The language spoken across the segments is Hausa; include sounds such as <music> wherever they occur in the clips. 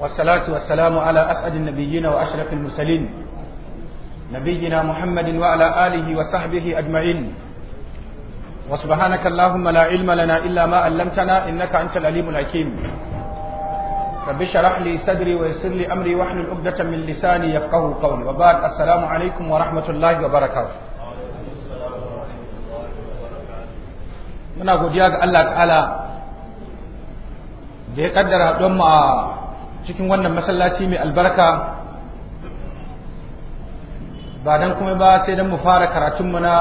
والصلاة والسلام على أسعد النبيين وأشرف المرسلين نبينا محمد وعلى آله وصحبه أجمعين وسبحانك اللهم لا علم لنا إلا ما علمتنا إنك أنت العليم الحكيم رب اشرح لي صدري ويسر لي أمري واحلل عقدة من لساني يفقهوا قولي وبعد السلام عليكم ورحمة الله وبركاته muna godiya ga Allah ta'ala da ya kaddara don mu a cikin wannan masallaci mai albarka ba dan kuma ba sai dan mu fara karatunmu na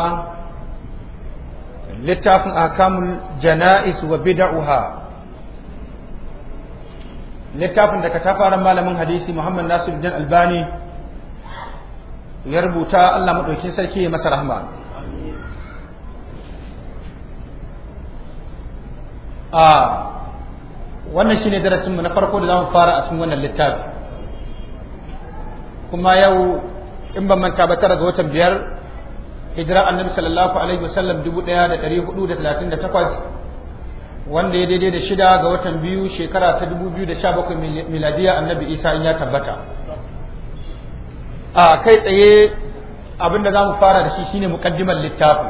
littafin ahkamul jana'is wa bid'uha littafin da tafaran malamin hadisi Muhammad Nasiruddin Albani ya rubuta Allah madaukin sarki ya masa rahma a ah, wannan shine darasin mu na farko da zamu fara a cikin wannan littafi kuma yau in ban manta ba tara ga watan biyar hijira annabi sallallahu alaihi wasallam 1438 wanda ya daidai da shida ga watan biyu shekara ta 2017 miladiya annabi isa in ya tabbata a kai tsaye abinda za mu fara da shi shine mukaddimar littafi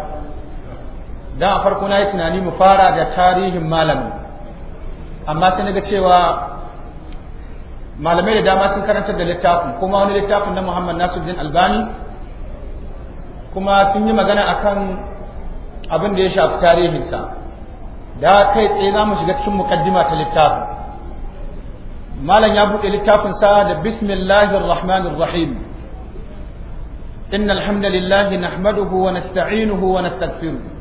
don a farko na yi tunani mu fara da tarihin malamin amma sai ga cewa malamai da dama sun karantar da littafin kuma wani littafin na Muhammad Nasiruddin Albani kuma sun yi magana akan abin da ya shafi tarihinsa da kai tsaye za mu shiga cikin mukaddima ta littafin malam ya buɗe littafin sa da bismillahir rahmanir rahim innal hamdalillahi nahmaduhu wa nasta'inuhu wa nastaghfiruh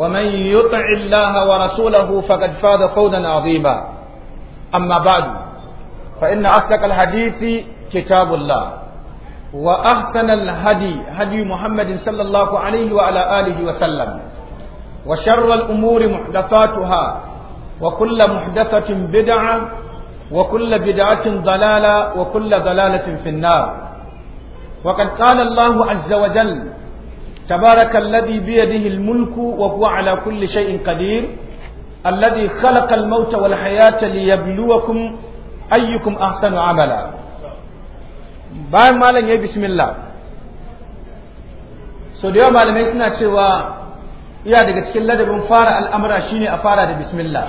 ومن يطع الله ورسوله فقد فاز فوزا عظيما أما بعد فإن أصدق الحديث كتاب الله وأحسن الهدي هدي محمد صلى الله عليه وعلى آله وسلم وشر الأمور محدثاتها وكل محدثة بدعة وكل بدعة ضلالة وكل ضلالة في النار وقد قال الله عز وجل تبارك الذي بيده الملك وهو على كل شيء قدير الذي خلق الموت والحياة ليبلوكم أيكم أحسن عملا bayan malam ya yi bismillah so da yawa malamai suna cewa iya daga cikin ladabin fara al'amura shine a fara da bismillah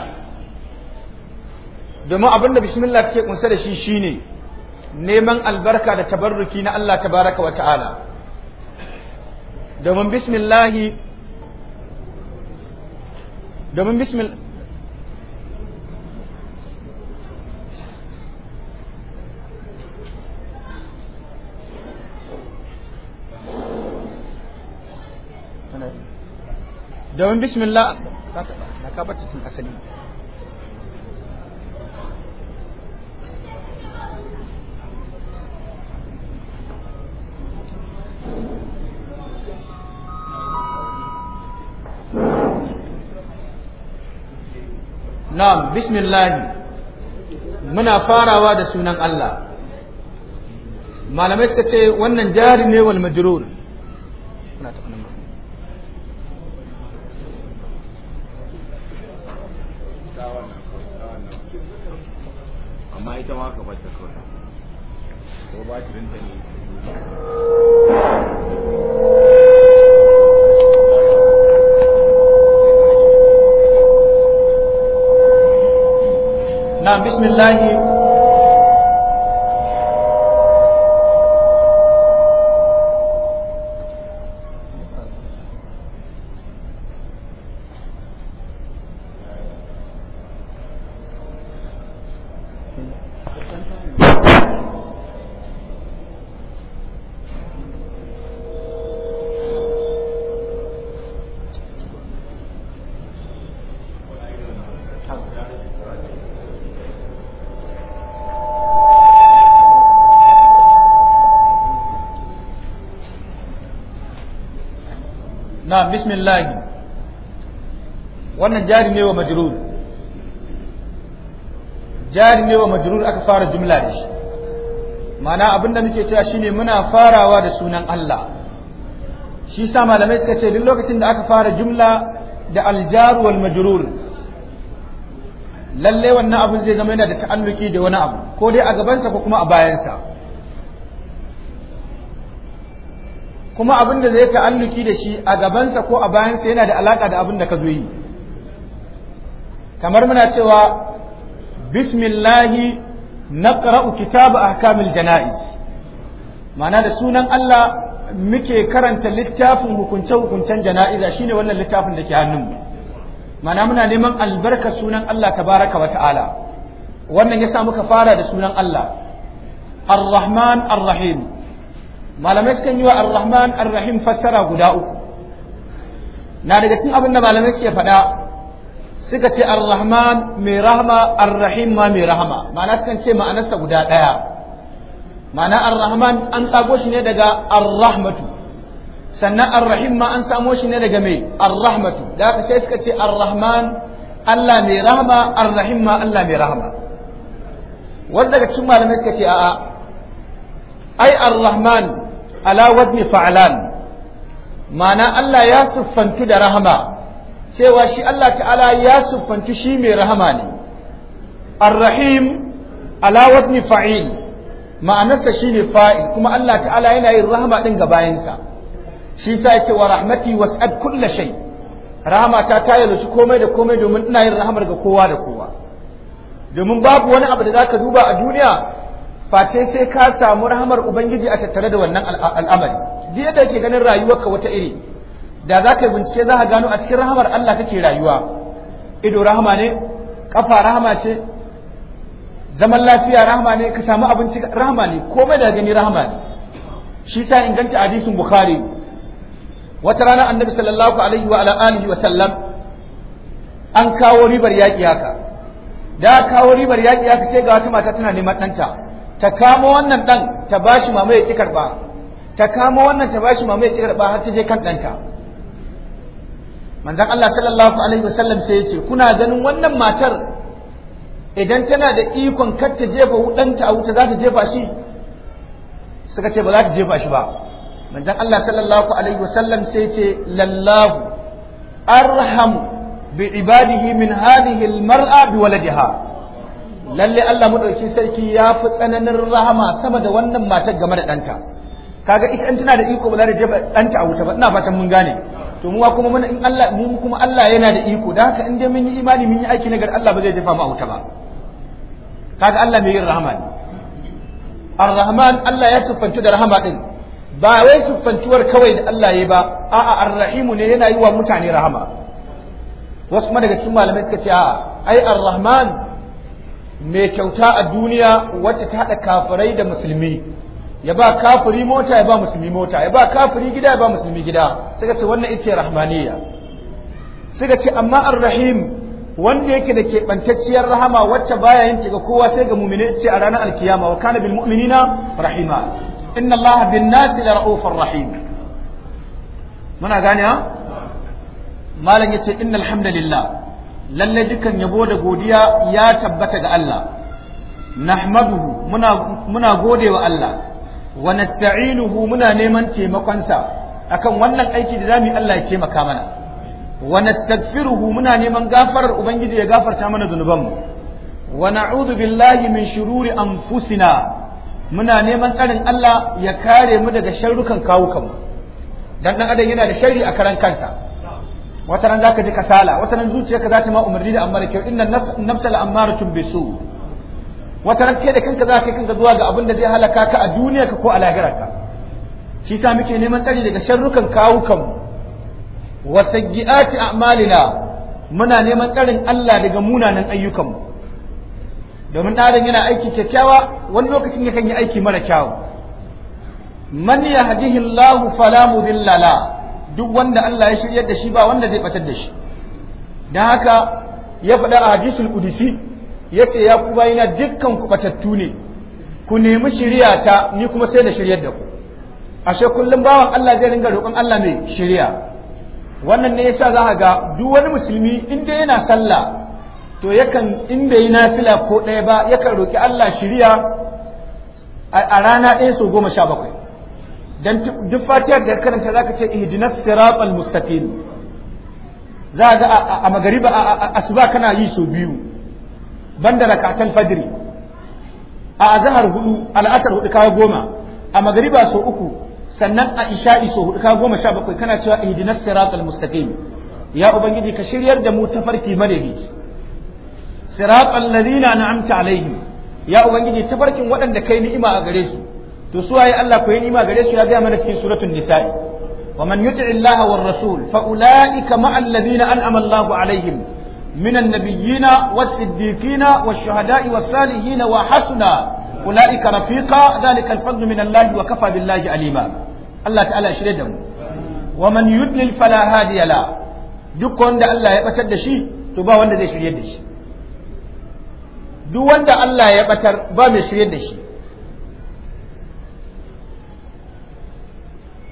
domin abin da bismillah take kunsa da shi shine neman albarka da tabarruki na Allah tabaraka wa ta'ala domin bismillahi domin bismillah domin bismillah na cikin asali na'am bismillah muna farawa da sunan Allah malamai suka ce wannan jari ne wal majrur amma ita ma ka bata kawai ko ba ta ne na bismillahi bismillah wannan jari ne wa majrur jari ne wa majrur aka fara jumla da shi mana abinda nake cewa shine muna farawa da sunan Allah shi sa malamai suka ce duk lokacin da aka fara jumla da aljar wal majrur lalle wannan abun zai zama yana da ta'alluki da wani abu ko dai a gabansa ko kuma a bayansa kuma abin da zai ta'alluki da shi a gabansa ko a bayansa yana da alaka da abin da ka zo yi kamar muna cewa bismillahi naqra'u a ahkamil janaiz ma'ana da sunan Allah muke karanta littafin hukunce hukuncen jana'iza shine wannan littafin da ke hannunmu ma'ana muna neman albarka sunan Allah tabaraka wa ta'ala wannan yasa muka fara da sunan Allah Ar-Rahman Ar-Rahim malamai sukan yi wa ar-rahman ar-rahim fassara guda uku na daga cikin abin da malamai suke faɗa suka ce ar-rahman mai rahama ar-rahim ma mai rahama ma'ana sukan ce ma'anarsa guda ɗaya ma'ana ar-rahman an tsago shi ne daga ar-rahmatu sannan ar-rahim ma an samo shi ne daga mai ar-rahmatu da haka sai suka ce ar-rahman Allah mai rahama ar-rahim ma Allah mai rahama wanda daga cikin malamai suka ce a'a ai ar-rahman ala wazni fa'lan ma'ana Allah ya siffantu da rahama cewa shi Allah ta'ala ya siffantu shi mai rahama ne ar-rahim ala wazni fa'il ma'anarsa shine fa'il kuma Allah ta'ala yana yin rahama din ga bayansa shi yasa yace wa rahmati was'at kulli shay rahama ta yalwaci komai da komai domin ina yin rahamar ga kowa da kowa domin babu wani abu da zaka duba a duniya face sai ka samu rahamar ubangiji a tattare da wannan al'amari duk yadda ke ganin rayuwarka wata iri da za ka yi bincike za ka gano a cikin rahamar Allah kake rayuwa ido rahama ne kafa rahama ce zaman lafiya rahama ne ka samu abinci rahama ne komai da gani rahama ne shi sa inganta hadisin bukhari wata rana annabi sallallahu alaihi wa wa sallam an kawo ribar yaƙi haka da kawo ribar yaƙi haka sai ga wata mata tana neman ɗanta ta kamo wannan dan ta bashi mama ya ki karba ta kamo wannan ta bashi mama ya ki karba har ta je kan danta manzon Allah sallallahu alaihi wa sallam sai ya ce kuna ganin wannan matar idan tana da ikon kar ta jefa hudanta a wuta za ta jefa shi suka ce ba za ta jefa shi ba manzon Allah sallallahu alaihi wa sallam sai ce lallahu arham bi ibadihi min hadhihi almar'a bi waladiha lalle Allah madaukakin sarki ya fi tsananin rahama sama da wannan matar game da ɗanta kaga ita an tana da iko ba za ta jefa ɗanta a wuta ba ina fatan mun gane to mu kuma in Allah mu kuma Allah yana da iko da haka in dai mun yi imani mun yi aiki nagar Allah ba zai jefa mu a wuta ba kaga Allah mai yin rahama ne ar-rahman Allah ya siffantu da rahama din ba wai siffantuwar kawai da Allah ya ba a'a ar-rahimu ne yana yi wa mutane rahama wasu kuma daga cikin malamai suka ce a'a ai ar-rahman mai kyauta a duniya wacce ta haɗa kafirai da musulmi ya ba kafiri mota ya ba musulmi mota ya ba kafiri gida ya ba musulmi gida suka ce wannan ita rahmaniya suka ce amma ar-rahim wanda yake da keɓantacciyar rahama wacce baya yin ga kowa sai ga mumine ce a ranar alkiyama wa kana bil mu'minina rahima inna allaha bin nasi la ra'ufur rahim muna gane ha malam yace innal hamdalillah Lallai dukan yabo da godiya ya tabbata ga Allah nahmaduhu muna muna godewa Allah wa nasta'inuhu muna neman taimakonsa akan wannan aiki da zamu Allah ya taimaka mana wa nastaghfiruhu muna neman gafarar ubangiji ya gafarta mana zunubanmu wa na'udhu billahi min shururi anfusina muna neman tsarin Allah ya kare mu daga sharrukan kawukanmu dan dan adam yana da sharri a karan kansa wata ran zaka ji kasala wata ran zuciyarka za ta ma umarni da amma da kyau inna nafsal ammaratun bisu wata ran kai da kanka za ka kanka zuwa ga abin da zai halaka ka a ka ko a lahirarka shi sa muke neman tsari daga sharrukan kawukan wa sayyiati a'malina muna neman tsarin Allah daga munanan ayyukanmu domin ɗarin yana aiki kyakkyawa wani lokacin yakan yi aiki mara kyawu man yahdihi fala mudilla la duk wanda Allah ya shiryar da shi ba wanda zai batar da shi dan haka ya faɗa a hadisul ya ce ya ku bayina dukkan ku batattu ne ku nemi shirya ta ni kuma sai da shiryar da ku ashe kullum bawan Allah zai ringa roƙon Allah mai shirya wannan ne yasa za ga duk wani musulmi inda yana sallah to yakan in bai yi nafila ko ɗaya ba yakan roƙi Allah shirya a rana ɗaya sau goma sha bakwai dan duk fatiyar da karanta zaka ce ihdinas siratal mustaqim za ga a magariba a asuba kana yi so biyu banda rakatan fajri a azhar hudu al'asar hudu ka goma a magariba so uku sannan a isha'i so hudu ka goma sha bakwai kana cewa ihdinas siratal mustaqim ya ubangiji ka shiryar da mu tafarki madaidaici siratal ladina an'amta alaihim ya ubangiji tafarkin waɗanda kai ni'ima a gare su to su waye Allah ko yi nima gare su ya ga mana cikin suratul nisa'i wa man yuti'i Allah war rasul fa ulaika ma'al ladina an'ama Allahu alaihim من النبيين والصديقين والشهداء والصالحين وحسن أولئك رفيقا ذلك الفضل من الله وكفى بالله عليما الله تعالى شردهم ومن يدلل فلا هادي له duk wanda Allah ya batar da shi to ba wanda zai shirye da shi duk wanda Allah ya batar ba mai shirya da shi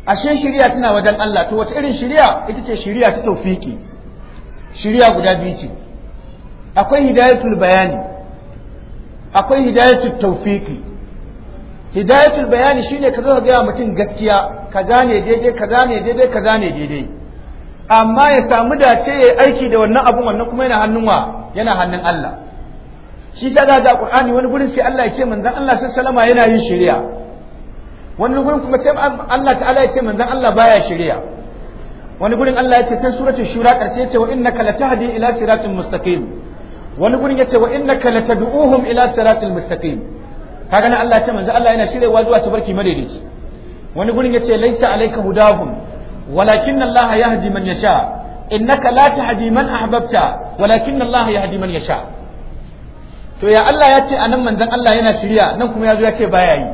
ashe shirya tana wajen Allah to wace irin shiriya ita ce shiriya ta tawfiki shiriya guda biyu ce akwai hidayatul bayani akwai hidayatul tawfiki hidayatul bayani shine ka zo ka gaya mutum gaskiya kaza ne daidai kaza ne daidai kaza ne daidai amma ya samu dace ya aiki da wannan abun wannan kuma yana hannun wa yana hannun Allah shi sa da Qur'ani wani gurin sai Allah ya ce manzon Allah sallallahu alaihi wasallam yana yin shirya wani gurin kuma sai Allah ta'ala ya ce manzon Allah baya shirya wani gurin Allah ya ce can suratul shura karshe ya ce wa innaka latahdi ila siratin mustaqim wani gurin ya ce wa innaka latad'uhum ila siratil mustaqim kaga nan Allah ya ce manzon Allah yana shiryawa zuwa tabarki madaidaici wani gurin ya ce laisa alayka hudahum walakin Allah yahdi man yasha innaka la tahdi man ahbabta walakin Allah yahdi man yasha to ya Allah ya ce anan manzon Allah yana shirya nan kuma ya zo ya ce baya yi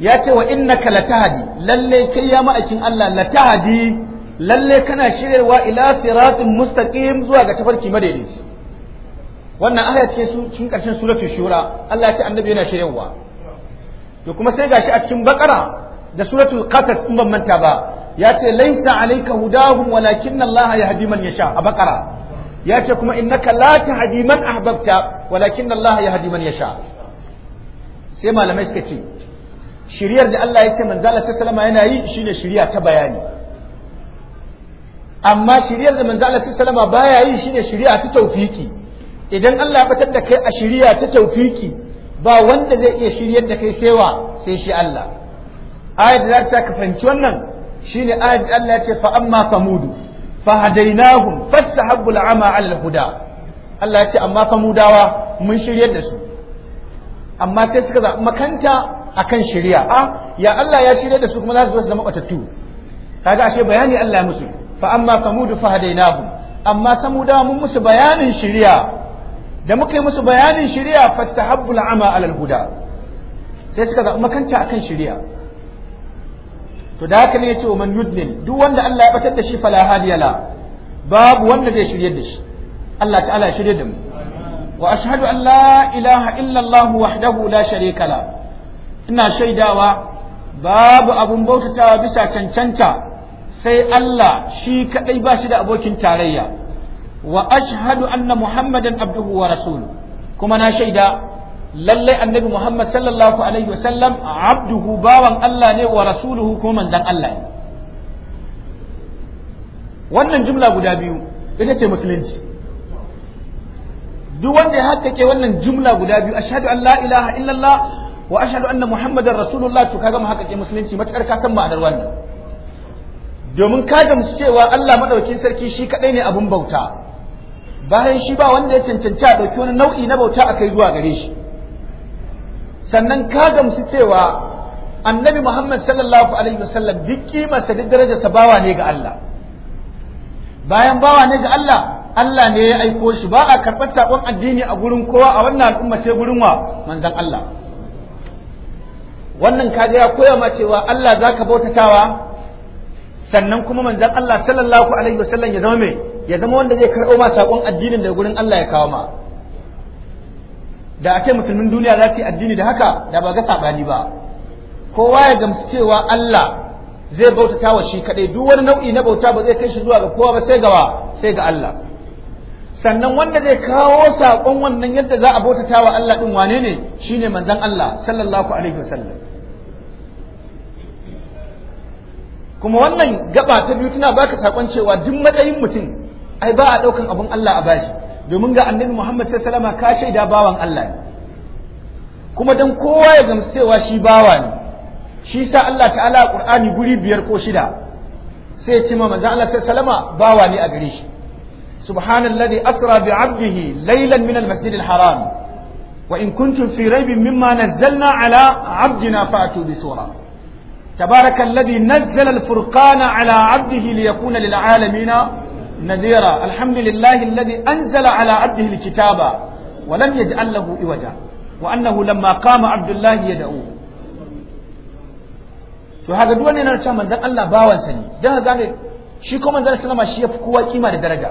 ya ce wa innaka latahdi lalle kai ya ma'aikin Allah latahdi lalle kana shiryarwa ila siratin mustaqim zuwa ga tafarki madaidaici wannan aya ce su cikin karshen suratul shura Allah ya ce annabi yana shiryarwa to kuma sai gashi a cikin bakara da suratul qasas in ban manta ba ya ce laisa alayka hudahum walakin Allah yahdi man yasha a bakara ya ce kuma innaka la tahdi man ahbabta walakin Allah yahdi man yasha sai malamai suka ce shiryar da Allah ya ce manzala ta salama yana yi shine shirya ta bayani amma shiryar da manzala ta salama baya yi shine shirya ta taufiki idan Allah ya batar da kai a shirya ta taufiki ba wanda zai iya shiryar da kai saiwa sai shi Allah ayat da za ta fahimci wannan shine ayat da Allah ya ce fa amma samudu fa hadainahum fastahabbu al'ama 'ala al-huda Allah ya ce amma samudawa mun shiryar da su amma sai suka zaɓi makanta akan shari'a a ah, ya Allah ya shirya da su kuma za su zama batattu kaga ashe bayani Allah musu fa amma samudu fa hadainahu amma samuda mun musu bayanin shari'a da muka yi musu bayanin shari'a fastahabbu al'ama alal huda sai suka ga makanta akan shari'a to da haka ne yace man yudlil duk wanda Allah ya batar da shi fala hadiya la babu wanda zai shirye da shi Allah ta'ala ya shirye da mu wa ashhadu an la ilaha illa Allah wahdahu la sharika lahu ina shaidawa babu abun bautatawa bisa cancanta sai Allah shi kadai ba shi da abokin tarayya wa ashhadu anna muhammadan abduhu wa rasuluhu kuma na shaida lallai annabi muhammad sallallahu alaihi wasallam abduhu bawan Allah ne wa rasuluhu kuma manzon Allah ne wannan jumla guda biyu ita ce musulunci duk wanda ya hakkake wannan jumla guda biyu ashhadu an la ilaha illallah wa ashhadu anna muhammadar rasulullah to kaga haka ke musulunci matakar ka san ma'anar wannan domin ka gamsu cewa Allah maɗauki sarki shi kaɗai ne abin bauta bayan shi ba wanda ya cancanci a ɗauki wani nau'i na bauta a kai zuwa gare shi sannan ka gamsu cewa annabi Muhammad sallallahu alaihi wasallam duk kimarsa duk darajarsa bawa ne ga Allah bayan bawa ne ga Allah Allah ne ya aiko shi ba a karɓar saƙon addini a gurin kowa a wannan al'umma sai gurin wa manzon Allah wannan kaga ya koya ma cewa Allah zaka bautatawa sannan kuma manzon Allah sallallahu alaihi wasallam ya zama me ya zama wanda zai karɓo ma sakon addinin da gurin Allah ya kawo ma da a ce musulmin duniya za su yi addini da haka da ba ga sabani ba kowa ya gamsu cewa Allah zai bautatawa shi kadai duk wani nau'i na bauta ba zai kai shi zuwa ga kowa ba sai gawa sai ga Allah sannan wanda zai kawo saƙon wannan yadda za a bautata wa Allah ɗin wane ne shine manzan Allah sallallahu alaihi wasallam kuma wannan gaba ta biyu tana baka saƙon cewa duk matsayin mutum ai ba a ɗaukan abin Allah a bashi domin ga annabi Muhammad sallallahu alaihi wasallam ka shaida bawan Allah ne kuma dan kowa ya gamsu cewa shi bawa ne shi sa Allah ta'ala a Qur'ani guri biyar ko shida sai ya ce ma manzon Allah sallallahu alaihi bawa ne a gare shi سبحان الذي أسرى بعبده ليلا من المسجد الحرام وإن كنتم في ريب مما نزلنا على عبدنا فأتوا بسورة تبارك الذي نزل الفرقان على عبده ليكون للعالمين نذيرا الحمد لله الذي أنزل على عبده الكتاب ولم يجعل له إوجا وأنه لما قام عبد الله يدعوه to haka duk wani yana cewa manzon Allah bawansa ne dan haka shi ko manzon sallama shi yafi kowa kima da daraja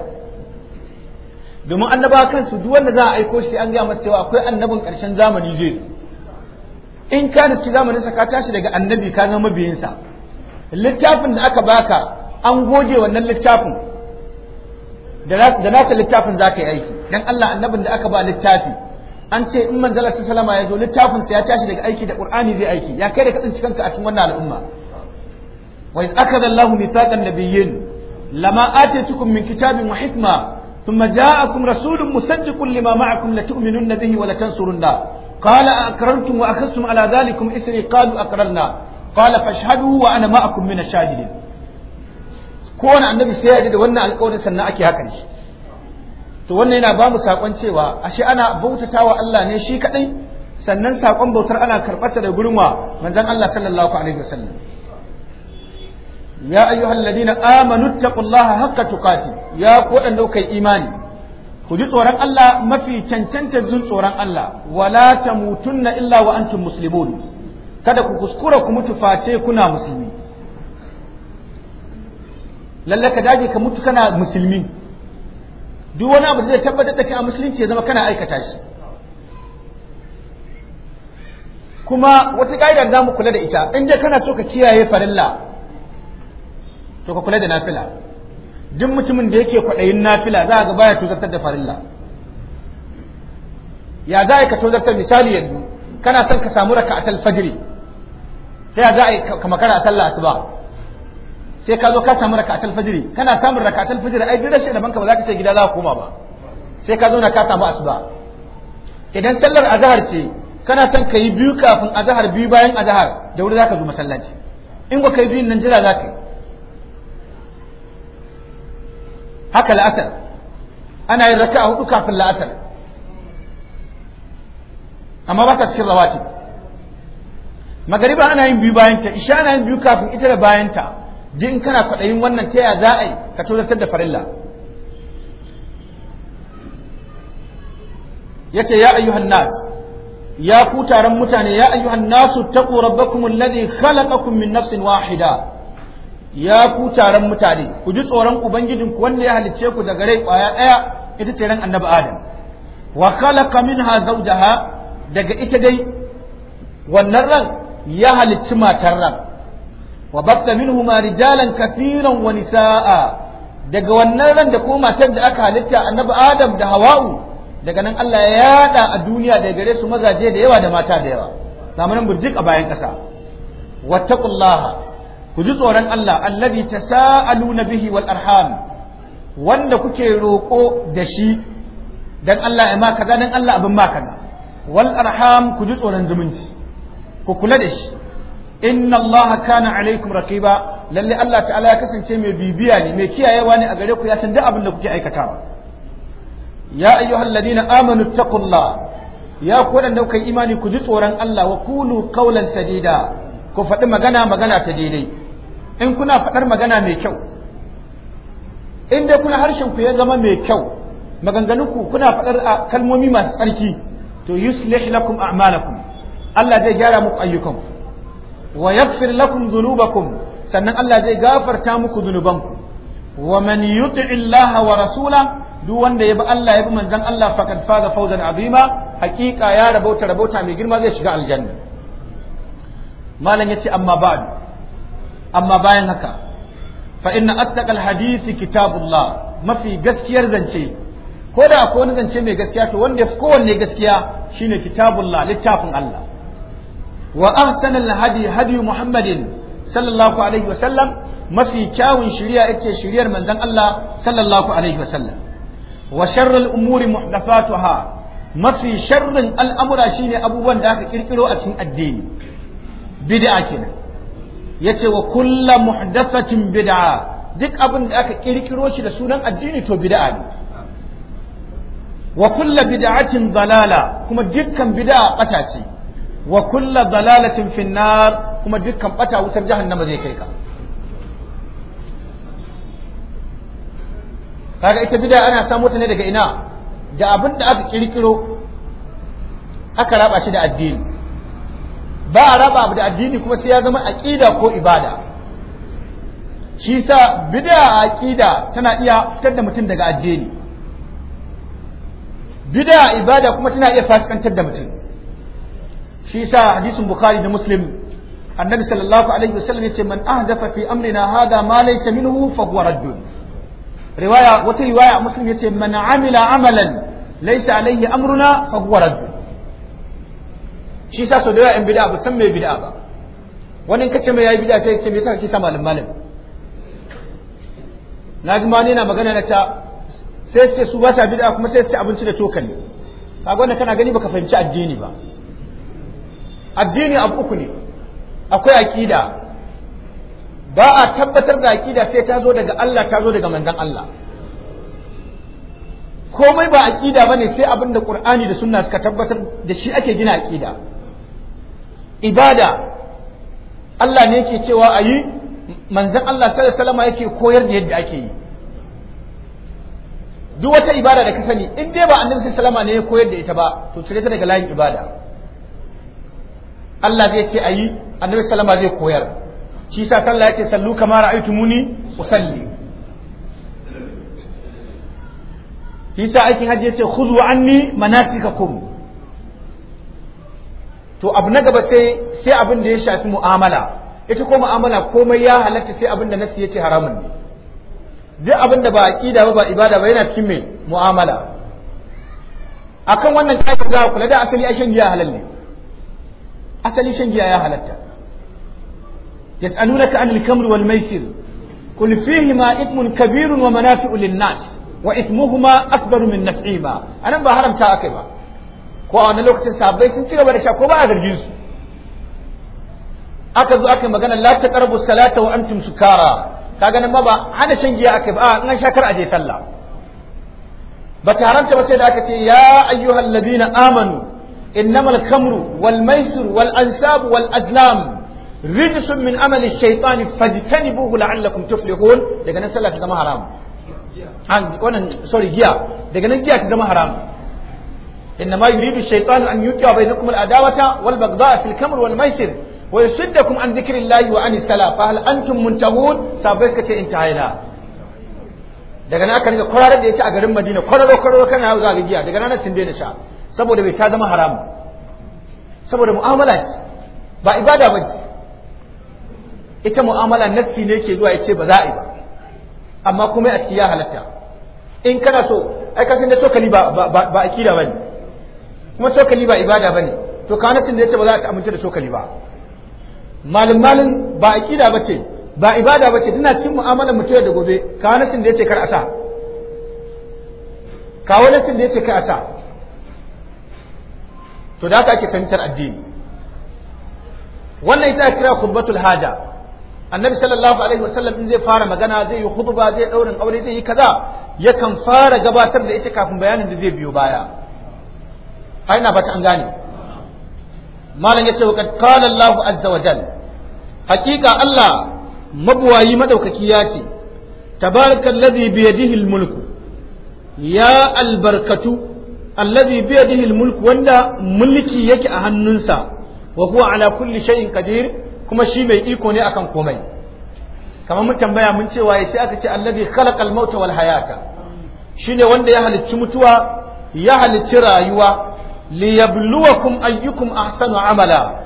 domin annaba kansu duk wanda za a aiko shi an gaya masa cewa akwai annabin ƙarshen zamani zai in ka niski zamanin sa ka tashi daga annabi ka zama biyinsa littafin da aka baka an goge wannan littafin da nasa littafin za ka yi aiki dan Allah annabin da aka ba littafi an ce in manzala salama ya zo littafin sa ya tashi daga aiki da qur'ani zai aiki ya kai da katsin cikanka a cikin wannan al'umma wa iz akhadha Allahu mithaqan nabiyyin lama atitukum min kitabin wa hikma ثم جاءكم رسول مصدق لما معكم لتؤمنن به ولتنصرنه قال أأكررتم وأخذتم على ذلكم إسري قالوا أكررنا قال فاشهدوا وأنا معكم من الشاهدين كون النبي سيادة وانا القول سنة أكي هكذا to wannan yana ba mu sakon cewa ashe ana bautatawa Allah ne shi kadai sannan sakon bautar ana karɓarsa da gurma manzon Allah sallallahu alaihi wasallam ya ayyuhal ladina amanu taqullaha haqqa tuqati ya ku wadanda imani ku ji tsoron Allah mafi cancanta jin tsoron Allah wala tamutunna illa wa antum kada ku kuskura ku mutu face kuna musulmi lalle ka dage ka mutu kana musulmi duk wani abu da zai tabbatar da kai a musulunci ya zama kana aikata shi kuma wata ka'idar zamu kula da ita in dai kana so ka kiyaye farilla to ka kula da nafila duk mutumin da yake kwaɗayin nafila za a ga baya tozartar da farilla ya za ka tozartar misali yanzu kana son ka samu raka atal fajiri sai za a yi makara a sallah asuba sai ka zo ka samu raka atal fajiri kana samun raka atal fajiri ai duk rashin da banka ba za ka ce gida za ka koma ba sai ka zo na ka samu asuba idan sallar azahar ce kana son ka yi biyu kafin azahar biyu bayan azahar da wuri za ka zo masallaci in ba ka yi biyun nan jira za ka yi haka la'asar ana yin raka'a hudu kafin la'asar amma ba ta cikin rawatib magariba ana yin biyu bayan ta isha ana yin biyu kafin ita da bayan ta ji in kana wannan ta ya za a yi ka tozartar da farilla yace ya ayyuhan nas ya ku taron mutane ya ayyuhan nasu taqu rabbakum alladhi khalaqakum min nafsin wahida ya ku taron mutane ku ji tsoron ubangijin ku wanda ya halicce ku daga rai kwaya ɗaya ita ce ran annabi adam wa khalaqa minha zawjaha daga ita dai wannan ran ya halicci matar ran wa batta minhuma rijalan kathiran wa nisaa daga wannan ran da ko matar da aka halitta annabi adam da hawa'u daga nan Allah ya yada a duniya da gare su mazaje da yawa da mata da yawa zamanin burjik a bayan ƙasa wattaqullaha ku ji tsoron Allah allazi tasaaluna bihi wal arham wanda kuke roko da shi dan Allah ya ma dan Allah abin ma wal arham ku ji tsoron zumunci ku kula da shi inna Allah kana alaikum raqiba lalle Allah ta'ala ya kasance mai bibiya ne mai kiyayewa ne a gare ku ya san duk abin da kuke aikatawa ya ayyuhal ladina amanu taqullah ya ku wadanda kuka imani ku ji tsoron Allah wa kulu qawlan sadida ku faɗi magana magana ta daidai in kuna faɗar magana mai kyau in dai kuna harshen ku ya zama mai kyau maganganun kuna faɗar ah, kalmomi masu tsarki to yuslih lakum a'malakum Allah zai gyara muku ayyukanku wa yaghfir lakum dhunubakum sannan Allah zai gafarta muku dhunubanku wa man yuti'i wa rasula duk wanda ya bi Allah ya bi manzon Allah faqad faza fawzan azima hakika ya rabauta rabauta mai girma zai shiga aljanna malam yace amma ba'du amma bayan haka fa inna asdaqal hadisi kitabullah mafi gaskiyar zance ko da akwai wani zance mai gaskiya to wanda yafi kowanne gaskiya shine kitabullah littafin Allah wa ahsanal hadi hadi muhammadin sallallahu alaihi wa sallam mafi kyawun shari'a yake shari'ar manzon Allah sallallahu alaihi wa sallam wa sharral umuri muhdathatuha mafi sharrin al'amura shine abubuwan da aka kirkiro a cikin addini bid'a kenan yace wa kullu muhdathatin bid'a duk abin da aka kirkiro shi da sunan addini to bid'a ne wa kullu bid'atin dalala kuma dukkan bid'a bata ce wa kullu dalalatin finnar kuma dukkan bata wutar jahannama zai kai ka kaga ita bid'a ana samu ta ne daga ina da abin da aka kirkiro aka raba shi da addini ba a raba abu da addini kuma sai ya zama aƙida ko ibada shi sa bid'a a aƙida tana iya fitar da mutum daga addini bid'a a ibada kuma tana iya fasikantar da mutum shi sa hadisin bukhari da muslim annabi sallallahu alaihi wasallam yace man ahdafa fi amrina hada ma laysa minhu fa huwa raddun riwaya wata riwaya muslim yace man amila amalan laysa alaihi amruna fa huwa raddun shi yasa sau da yawa yan bid'a ba san mai bid'a ba wani kace mai yi bid'a sai ce me yasa kisa malam malam na ji ma magana na ta sai su ce su ba sa bid'a kuma sai su abinci da cokali kaga wannan kana gani baka fahimci addini ba addini abu uku ne akwai akida ba a tabbatar da akida sai ta zo daga Allah ta zo daga manzon Allah komai ba aqida ne sai abin da Qur'ani da Sunna suka tabbatar da shi ake gina aqida ibada Allah ne yake cewa a yi manzan Allah sallallahu alaihi yake koyar da yadda ake yi duk wata ibada da ka sani in dai ba annabi sallallahu alaihi ne ya koyar da ita ba to cire ta daga layin ibada Allah zai ce a yi annabi sallallahu zai koyar shi yasa sallah yake sallu kama ra'aytumuni usalli shi yasa aikin hajji yace khudhu anni manasikakum to abu na gaba sai sai abin da ya shafi mu'amala ita ko mu'amala komai ya halatta sai abin da nasi ce haramun ne duk abin da ba aqida ba ba ibada ba yana cikin me mu'amala akan wannan kaida za kula da asali shan giya halal ne asali shan giya ya halatta yas'alunaka anil kamri wal maisir qul fihima ithmun kabirun wa manafi'u lin nas wa ithmuhuma akbaru min naf'ihima anan ba haramta akai ba ko a wani lokacin sahabbai sun ci gaba da sha ko ba a zargin su aka zo aka magana la taqrabu salata wa antum sukara kaga nan ma hana shan giya aka ba in an shakar aje sallah ba ta haramta ba sai da aka ce ya ayyuhal na amanu innamal kamru wal maisir wal ansabu wal azlam rijsun min amali shaytani fajtanibuhu la'allakum tuflihun daga nan sallah ta daga nan giya ta zama haram إنما يريد الشيطان أن يوقع بينكم العداوة والبغضاء في الكمر والميسر ويصدكم عن ذكر الله وعن الصلاة فهل أنتم منتهون سابس كتي انتهينا daga nan aka rinka kwararar da ya ci a garin Madina kwararo kwararo kana hauza ga giya daga nan sun daina sha saboda bai ta zama haram saboda mu'amala ce ba ibada ba ce ita mu'amala nassi ne ke zuwa ya ce ba za a yi ba amma kuma a ciki ya halatta in kana so ai kasan da cokali ba ba ba akida bane kuma cokali ba ibada bane to ka nasin da yace ba za a ci abinci da cokali ba malin malin ba aqida bace ba ibada bace dina cikin mu'amalar mutum da gobe ka nasin da yace kar a sa ka wani nasin da yace kar a sa to da haka ake fahimtar addini wannan ita kira khutbatul haja annabi sallallahu alaihi wasallam in zai fara magana zai yi khutba zai daurin aure zai yi kaza yakan fara gabatar da ita kafin bayanin da zai biyo baya ai na fata an gane malam yace kad qala Allahu azza wa jalla haqiqa Allah mabuwayi madaukaki ya ce tabarakal ladhi bi yadihi al-mulku ya albarkatu alladhi bi yadihi mulku wanda mulki yake a hannunsa wa huwa ala kulli shay'in qadir kuma shi mai iko ne akan komai kamar mun tambaya mun cewa ya sai aka ce Allabi khalaqal mauta wal hayata shine wanda ya halicci mutuwa ya halicci rayuwa liyabluwakum ayyukum ahsanu amala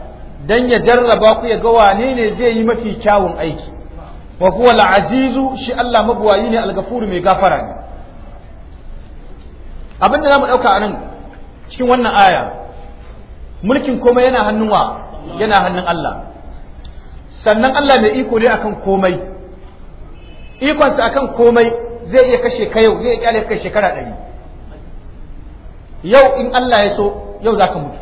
dan ya jarraba ku ya ga wane ne zai yi mafi kyawun aiki wa huwa al-azizu shi Allah magwayi ne al-ghafur mai gafara ne abinda zamu dauka anan cikin wannan aya mulkin komai yana hannun yana hannun Allah sannan Allah mai iko ne akan komai ikonsa akan komai zai iya kashe kai yau zai iya kashe kai shekara ɗari yau in Allah ya so yau za ka mutu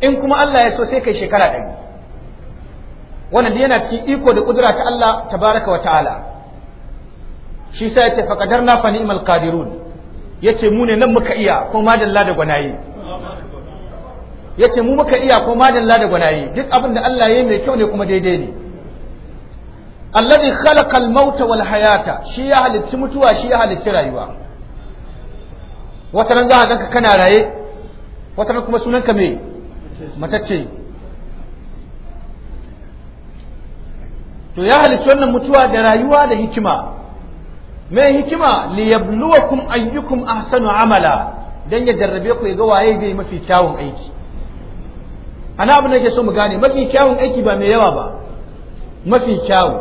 in kuma Allah ya so sai kai shekara ɗari wannan yana cikin iko da kudura ta Allah tabaraka wa ta'ala shi sa yace na fa ni'mal qadirun ce mu ne nan muka iya ko madalla da gwanaye ce mu muka iya ko madalla da gwanaye duk abin da Allah ya yi mai kyau ne kuma daidai ne alladhi khalaqa mauta wal hayata shi ya halicci mutuwa shi ya halicci rayuwa wata nan za a ganka kana raye wata kuma sunanka me matacce to ya halicci wannan mutuwa da rayuwa da hikima mai hikima liyabluwakum ayyukum ahsanu amala dan ya jarrabe ku ga waye zai mafi kyawun aiki ana abin da ke so mu gane mafi kyawun aiki ba mai yawa ba mafi kyawu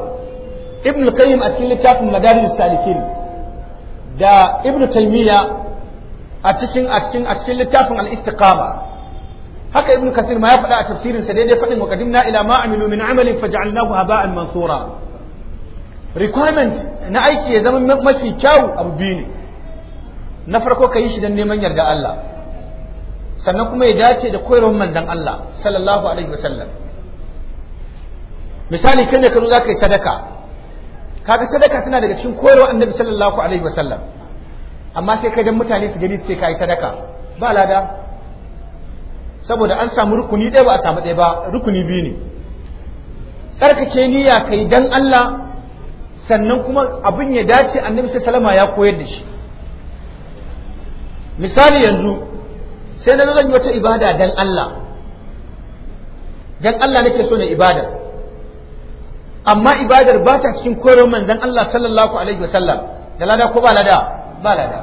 ibn qayyim a cikin littafin madarijus salikin da ibn Taimiyya. a cikin a cikin a cikin littafin al-istiqama haka ibnu kasir ma ya faɗa a tafsirin sa daidai faɗin wa qadimna ila ma amilu min amalin faj'alnahu haba'an mansura requirement na aiki ya zama mafi kyau abu biyu ne na farko ka yi shi dan neman yarda Allah sannan kuma ya dace da koyarwar manzon Allah sallallahu alaihi sallam. misali kai ne ka za ka yi sadaka kaga sadaka tana daga cikin koyarwar annabi sallallahu alaihi sallam. amma sai kai dan mutane su gani su ce kai sadaka ba lada saboda an samu rukuni ɗaya ba a samu ɗaya ba rukuni biyu ne tsarkake niyya kai dan Allah sannan kuma abin ya dace annabi sai salama ya koyar da shi misali yanzu sai na zan yi wata ibada dan Allah dan Allah nake so na ibada amma ibadar ba ta cikin koyar manzon Allah sallallahu alaihi wasallam da lada ko ba lada ba lada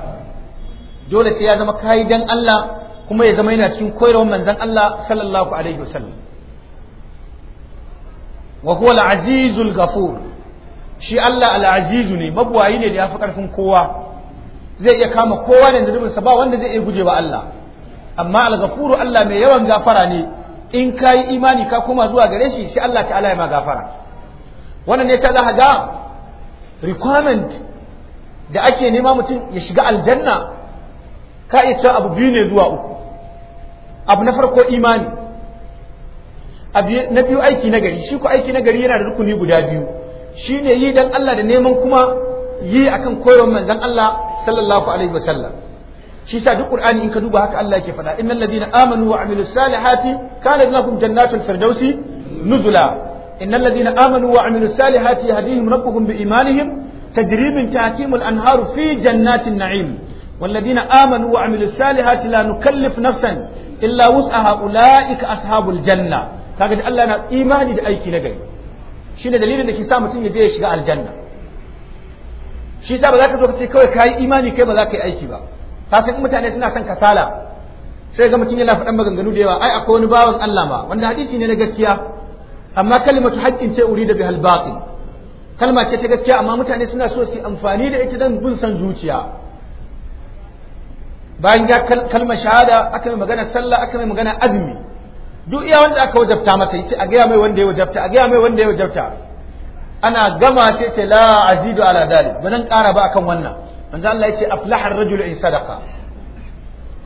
dole sai ya zama kayi dan Allah kuma ya zama yana cikin koyarwar manzon Allah sallallahu alaihi wasallam wa huwa al-azizul shi Allah al-azizu ne mabwayi ne da yafi karfin kowa zai iya kama kowa ne da zunubin sa ba wanda zai iya guje wa Allah amma al-ghafuru Allah mai yawan gafara ne in kayi imani ka koma zuwa gare shi shi Allah ta'ala ya ma gafara wannan ne ta za ga requirement da ake nema mutum ya shiga aljanna ka iya abu biyu ne zuwa uku abu na farko imani na biyu aiki na gari shi ko aiki na gari yana da rukuni guda biyu shi ne yi dan Allah da neman kuma yi akan koyon manzon Allah sallallahu alaihi wa sallam shi sa duk qur'ani in ka duba haka Allah yake faɗa innal ladina amanu wa amilus salihati kana lahum jannatul firdausi nuzula innal ladina amanu wa amilus salihati yahdihim rabbuhum bi imanihim تجريب تحكيم الأنهار في جنات النعيم والذين آمنوا وعملوا الصالحات لا نكلف نفسا إلا وسعها أولئك أصحاب الجنة kaga Allah na imani da aiki na gari shine dalilin da ke sa mutum ya je shiga aljanna shi yasa ba za ka zo ka ce kawai kai imani kai ba za ka yi aiki ba ka san mutane suna son kasala sai ga mutum yana faɗan maganganu da yawa ai akwai wani bawan Allah ma wanda hadisi ne na gaskiya amma kalimatu haqqin ce da bihal batil kalma ce ta gaskiya amma mutane suna so su amfani da ita don bin san zuciya bayan ya kalma shahada aka mai magana sallah aka mai magana azumi duk iya wanda aka wajabta masa yace a gaya mai wanda ya wajabta a gaya mai wanda ya wajabta ana gama sai ce la azidu ala dalik ba zan kara ba akan wannan manzo Allah ce aflaha ar-rajulu in sadaqa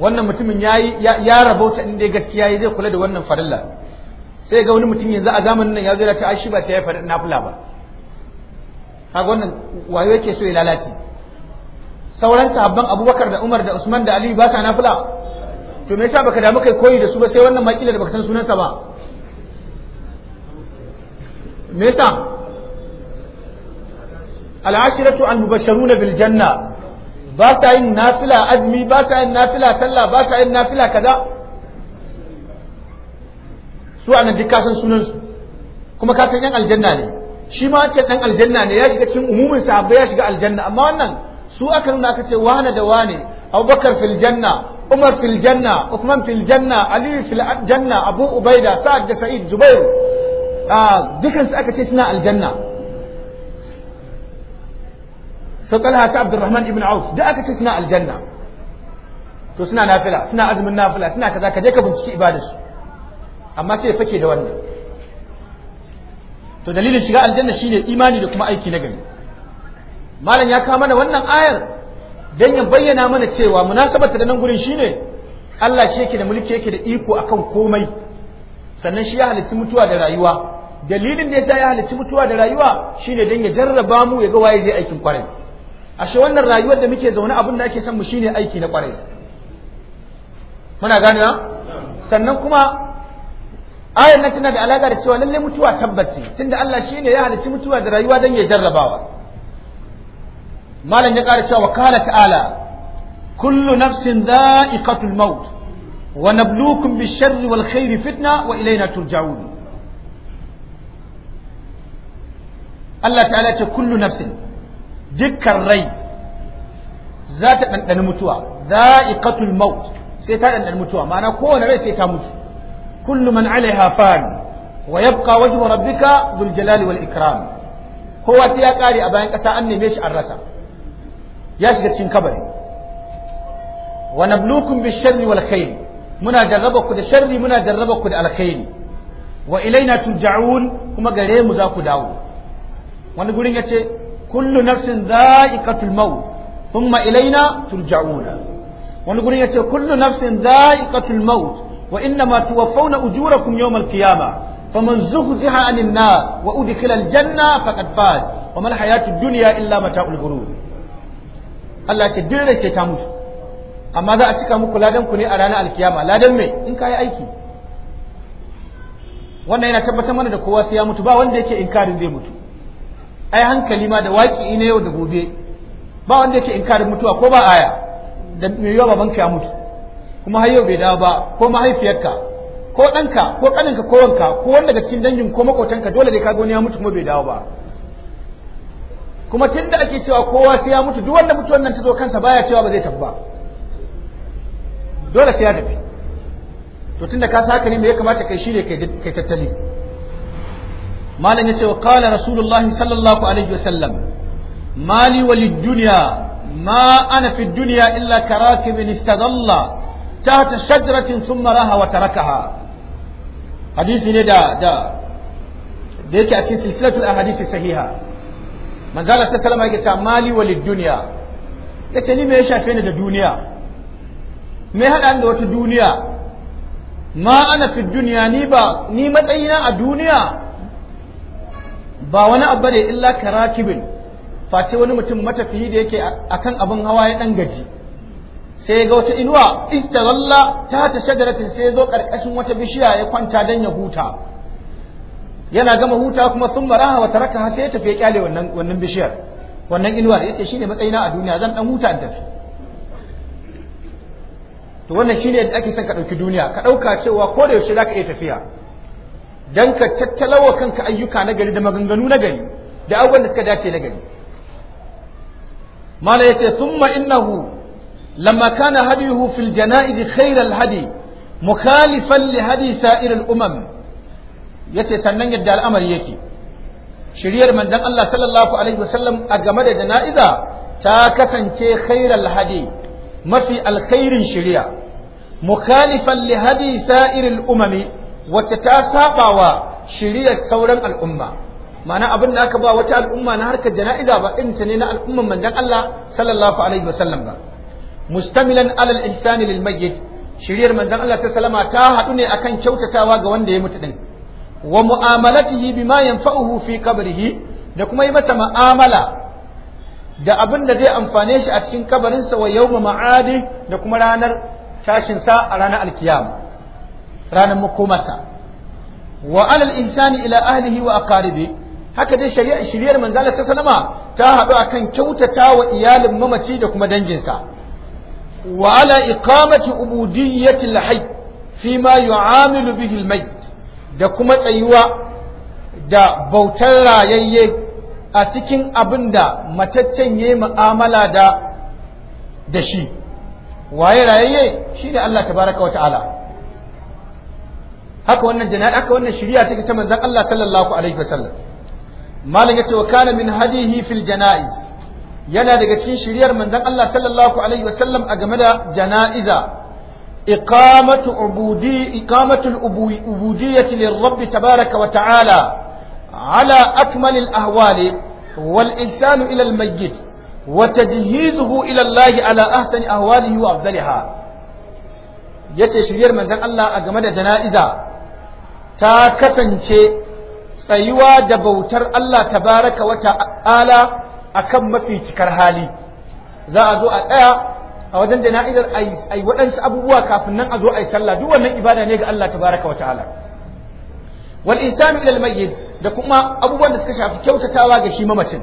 wannan mutumin yayi ya rabauta in dai gaskiya zai kula da wannan farilla sai ga wani mutum yanzu a zamanin nan ya zo da ta ashi ba sai ya na fula ba kaga wannan wayo yake so ya lalace sauran sahabban abubakar da umar da usman da ali ba sa nafila to me yasa baka damu kai koyi da su ba sai wannan makila da baka san sunansa ba me yasa al'ashiratu an mubasharuna bil janna ba sa yin nafila azumi ba sa yin nafila sallah ba sa yin nafila kaza su anan duk ka sunansu kuma ka san yan aljanna ne shi ma ce dan aljanna ne ya shiga cikin umumin sahabbai ya shiga aljanna amma wannan su aka nuna aka ce wane da wane abubakar fil janna umar fil janna uthman fil janna ali fil janna abu ubaida sa'ad da sa'id zubair dukan su aka ce suna aljanna sai talha ta abdurrahman ibn auf da aka ce suna aljanna to suna nafila suna azumin nafila suna kaza ka je ka binciki ibadarsu amma sai fake da wannan to dalilin shiga aljanna shine imani da kuma aiki na gari malam ya kawo mana wannan ayar dan ya bayyana mana cewa munasabarta da nan gurin shine Allah shi yake da mulki yake da iko akan komai sannan shi ya halitta mutuwa da rayuwa dalilin da yasa ya halitta mutuwa da rayuwa shine dan ya jarraba mu ya ga waye zai aikin kwarai ashe wannan rayuwar da muke zaune abin da ake son mu shine aiki na kwarai muna ganewa sannan kuma ayar nan tana da alaka da cewa lalle mutuwa tabbaci tunda Allah shine ya halicci mutuwa da rayuwa dan ya jarrabawa malam ya ƙara cewa wa qala ta'ala kullu nafsin dha'iqatul maut wa nabluukum bish-sharri wal khair fitna wa ilayna turja'un Allah ta'ala ce kullu nafsin dukkan rai za ta ɗanɗani mutuwa za'iqatul maut sai ta ɗanɗani mutuwa ma'ana kowane rai sai ta mutu كل من عليها فان ويبقى وجه ربك ذو الجلال والإكرام هو سيا قاري أبان كسا أني ميش الرسا ياشد شن كبري ونبلوكم بالشر والخير منا جربك الشر منا جربك الخير وإلينا ترجعون كما قالي مزاك داو ونقول إنك كل نفس ذائقة الموت ثم إلينا ترجعون ونقول إنك كل نفس ذائقة الموت wa inna ma tuwaffawna ujurakum yawmal qiyamah faman zuhziha 'anil nar wa udkhila al-janna faqad faz wa mal hayatud dunya illa mata'ul ghurur Allah ce duk ce ta mutu amma za a cika muku ladan ku ne a ranar alkiyama ladan me in kai aiki wannan yana tabbatar mana da kowa sai ya mutu ba wanda yake inkarin zai mutu ai hankali ma da waki ne yau da gobe ba wanda yake inkarin mutuwa ko ba aya da me yau babanka ya mutu kuma har yau bai dawo ba ko mahaifiyarka ko ɗanka ko ƙaninka ko wanka ko wanda daga cikin dangin ko makotanka dole dai kaga wani ya mutu kuma bai dawo ba kuma tun da ake cewa kowa sai ya mutu duk wanda mutuwan nan ta zo kansa baya cewa ba zai tafi ba dole sai ya tafi to da ka saka ne me ya kamata kai shine kai kai tattali malam yace wa qala rasulullahi sallallahu alaihi wa sallam mali walid dunya ma fi dunya illa karakibin istadalla tahta shajaratin thumma raha wa tarakaha hadisi ne da da da yake a cikin silsilatul ahadisi sahiha manzo Allah sallallahu alaihi wasallam yake mali walid dunya yace ni me ya shafe ni da duniya me ni da wata duniya ma ana fi duniya ni ba ni matsayina a duniya ba wani abu ne illa karatibin face wani mutum matafiyi da yake akan abin hawa ya ɗan gaji sai ga wata inuwa istaralla ta ta shagaratin sai zo karkashin wata bishiya ya kwanta dan ya huta yana gama huta kuma sun maraha wa taraka sai ya tafi ya kyale wannan wannan bishiyar wannan inuwar yace shine matsayina a duniya zan dan huta in to wannan shine da ake son ka ɗauki duniya ka dauka cewa ko da yaushe za ka iya tafiya dan ka tattalawa kanka ayyuka na gari da maganganu na gari da abubuwan da suka dace na gari mala yace summa innahu لما كان هديه في الجنائز خير الهدي مخالفا لهدي سائر الأمم yace sannan yadda al'amari yake shiryar manzon Allah sallallahu alaihi wasallam a game da jana'iza ta kasance khairal hadi mafi alkhairin shiriya mukhalifan li hadi sa'iril umami wacce ta sabawa shiriyar sauran al'umma ma'ana abin da aka ba wata al'umma na harkar jana'iza ba irin ta ne na al'umman manzon Allah sallallahu alaihi wasallam ba mustamilan alal insani lil mayyit shiriyar manzon Allah sallallahu ta haɗu ne akan kyautatawa ga wanda ya mutu din wa mu'amalatihi bima yanfa'uhu fi qabrihi da kuma yi masa mu'amala da abin da zai amfane shi a cikin kabarinsa wa yawma ma'adi da kuma ranar tashin sa a ranar alkiyama ranar makomasa wa alal insani ila ahlihi wa aqaribi haka dai shari'a shiriyar manzo Allah sallama ta haɗu akan kyautata wa iyalin mamaci da kuma danginsa وعلى إقامة عبودية الحي فيما يعامل به الميت da kuma tsayuwa da bautar rayayye a cikin abin da mataccen ya yi mu'amala da da shi waye rayayye shi ne Allah tabaraka wa ta'ala haka wannan jana'i haka wannan shari'a take ta manzon Allah sallallahu alaihi wasallam malam yace wa kana min hadihi fil jana'iz yana daga cikin shiryar manzon Allah sallallahu alaihi wasallam a game da jana'iza iqamatu ubudi iqamatu al-ubudiyyati lirabb tabaraka wa ta'ala ala akmal al-ahwali wal ihsanu ila al-mayyit wa tajhizuhu ila Allah ala ahsani ahwalihi wa afdaliha yace shiryar manzon Allah a game da jana'iza ta kasance tsayuwa da bautar Allah tabaraka wa ta'ala akan mafi cikar hali za a zo a tsaya a wajen jana'izar ai waɗansu abubuwa kafin nan a zo ai sallah duk wannan ibada ne ga Allah tabaraka wa ta'ala wal insanu ila al da kuma abubuwan da suka shafi kyautatawa ga shi mamacin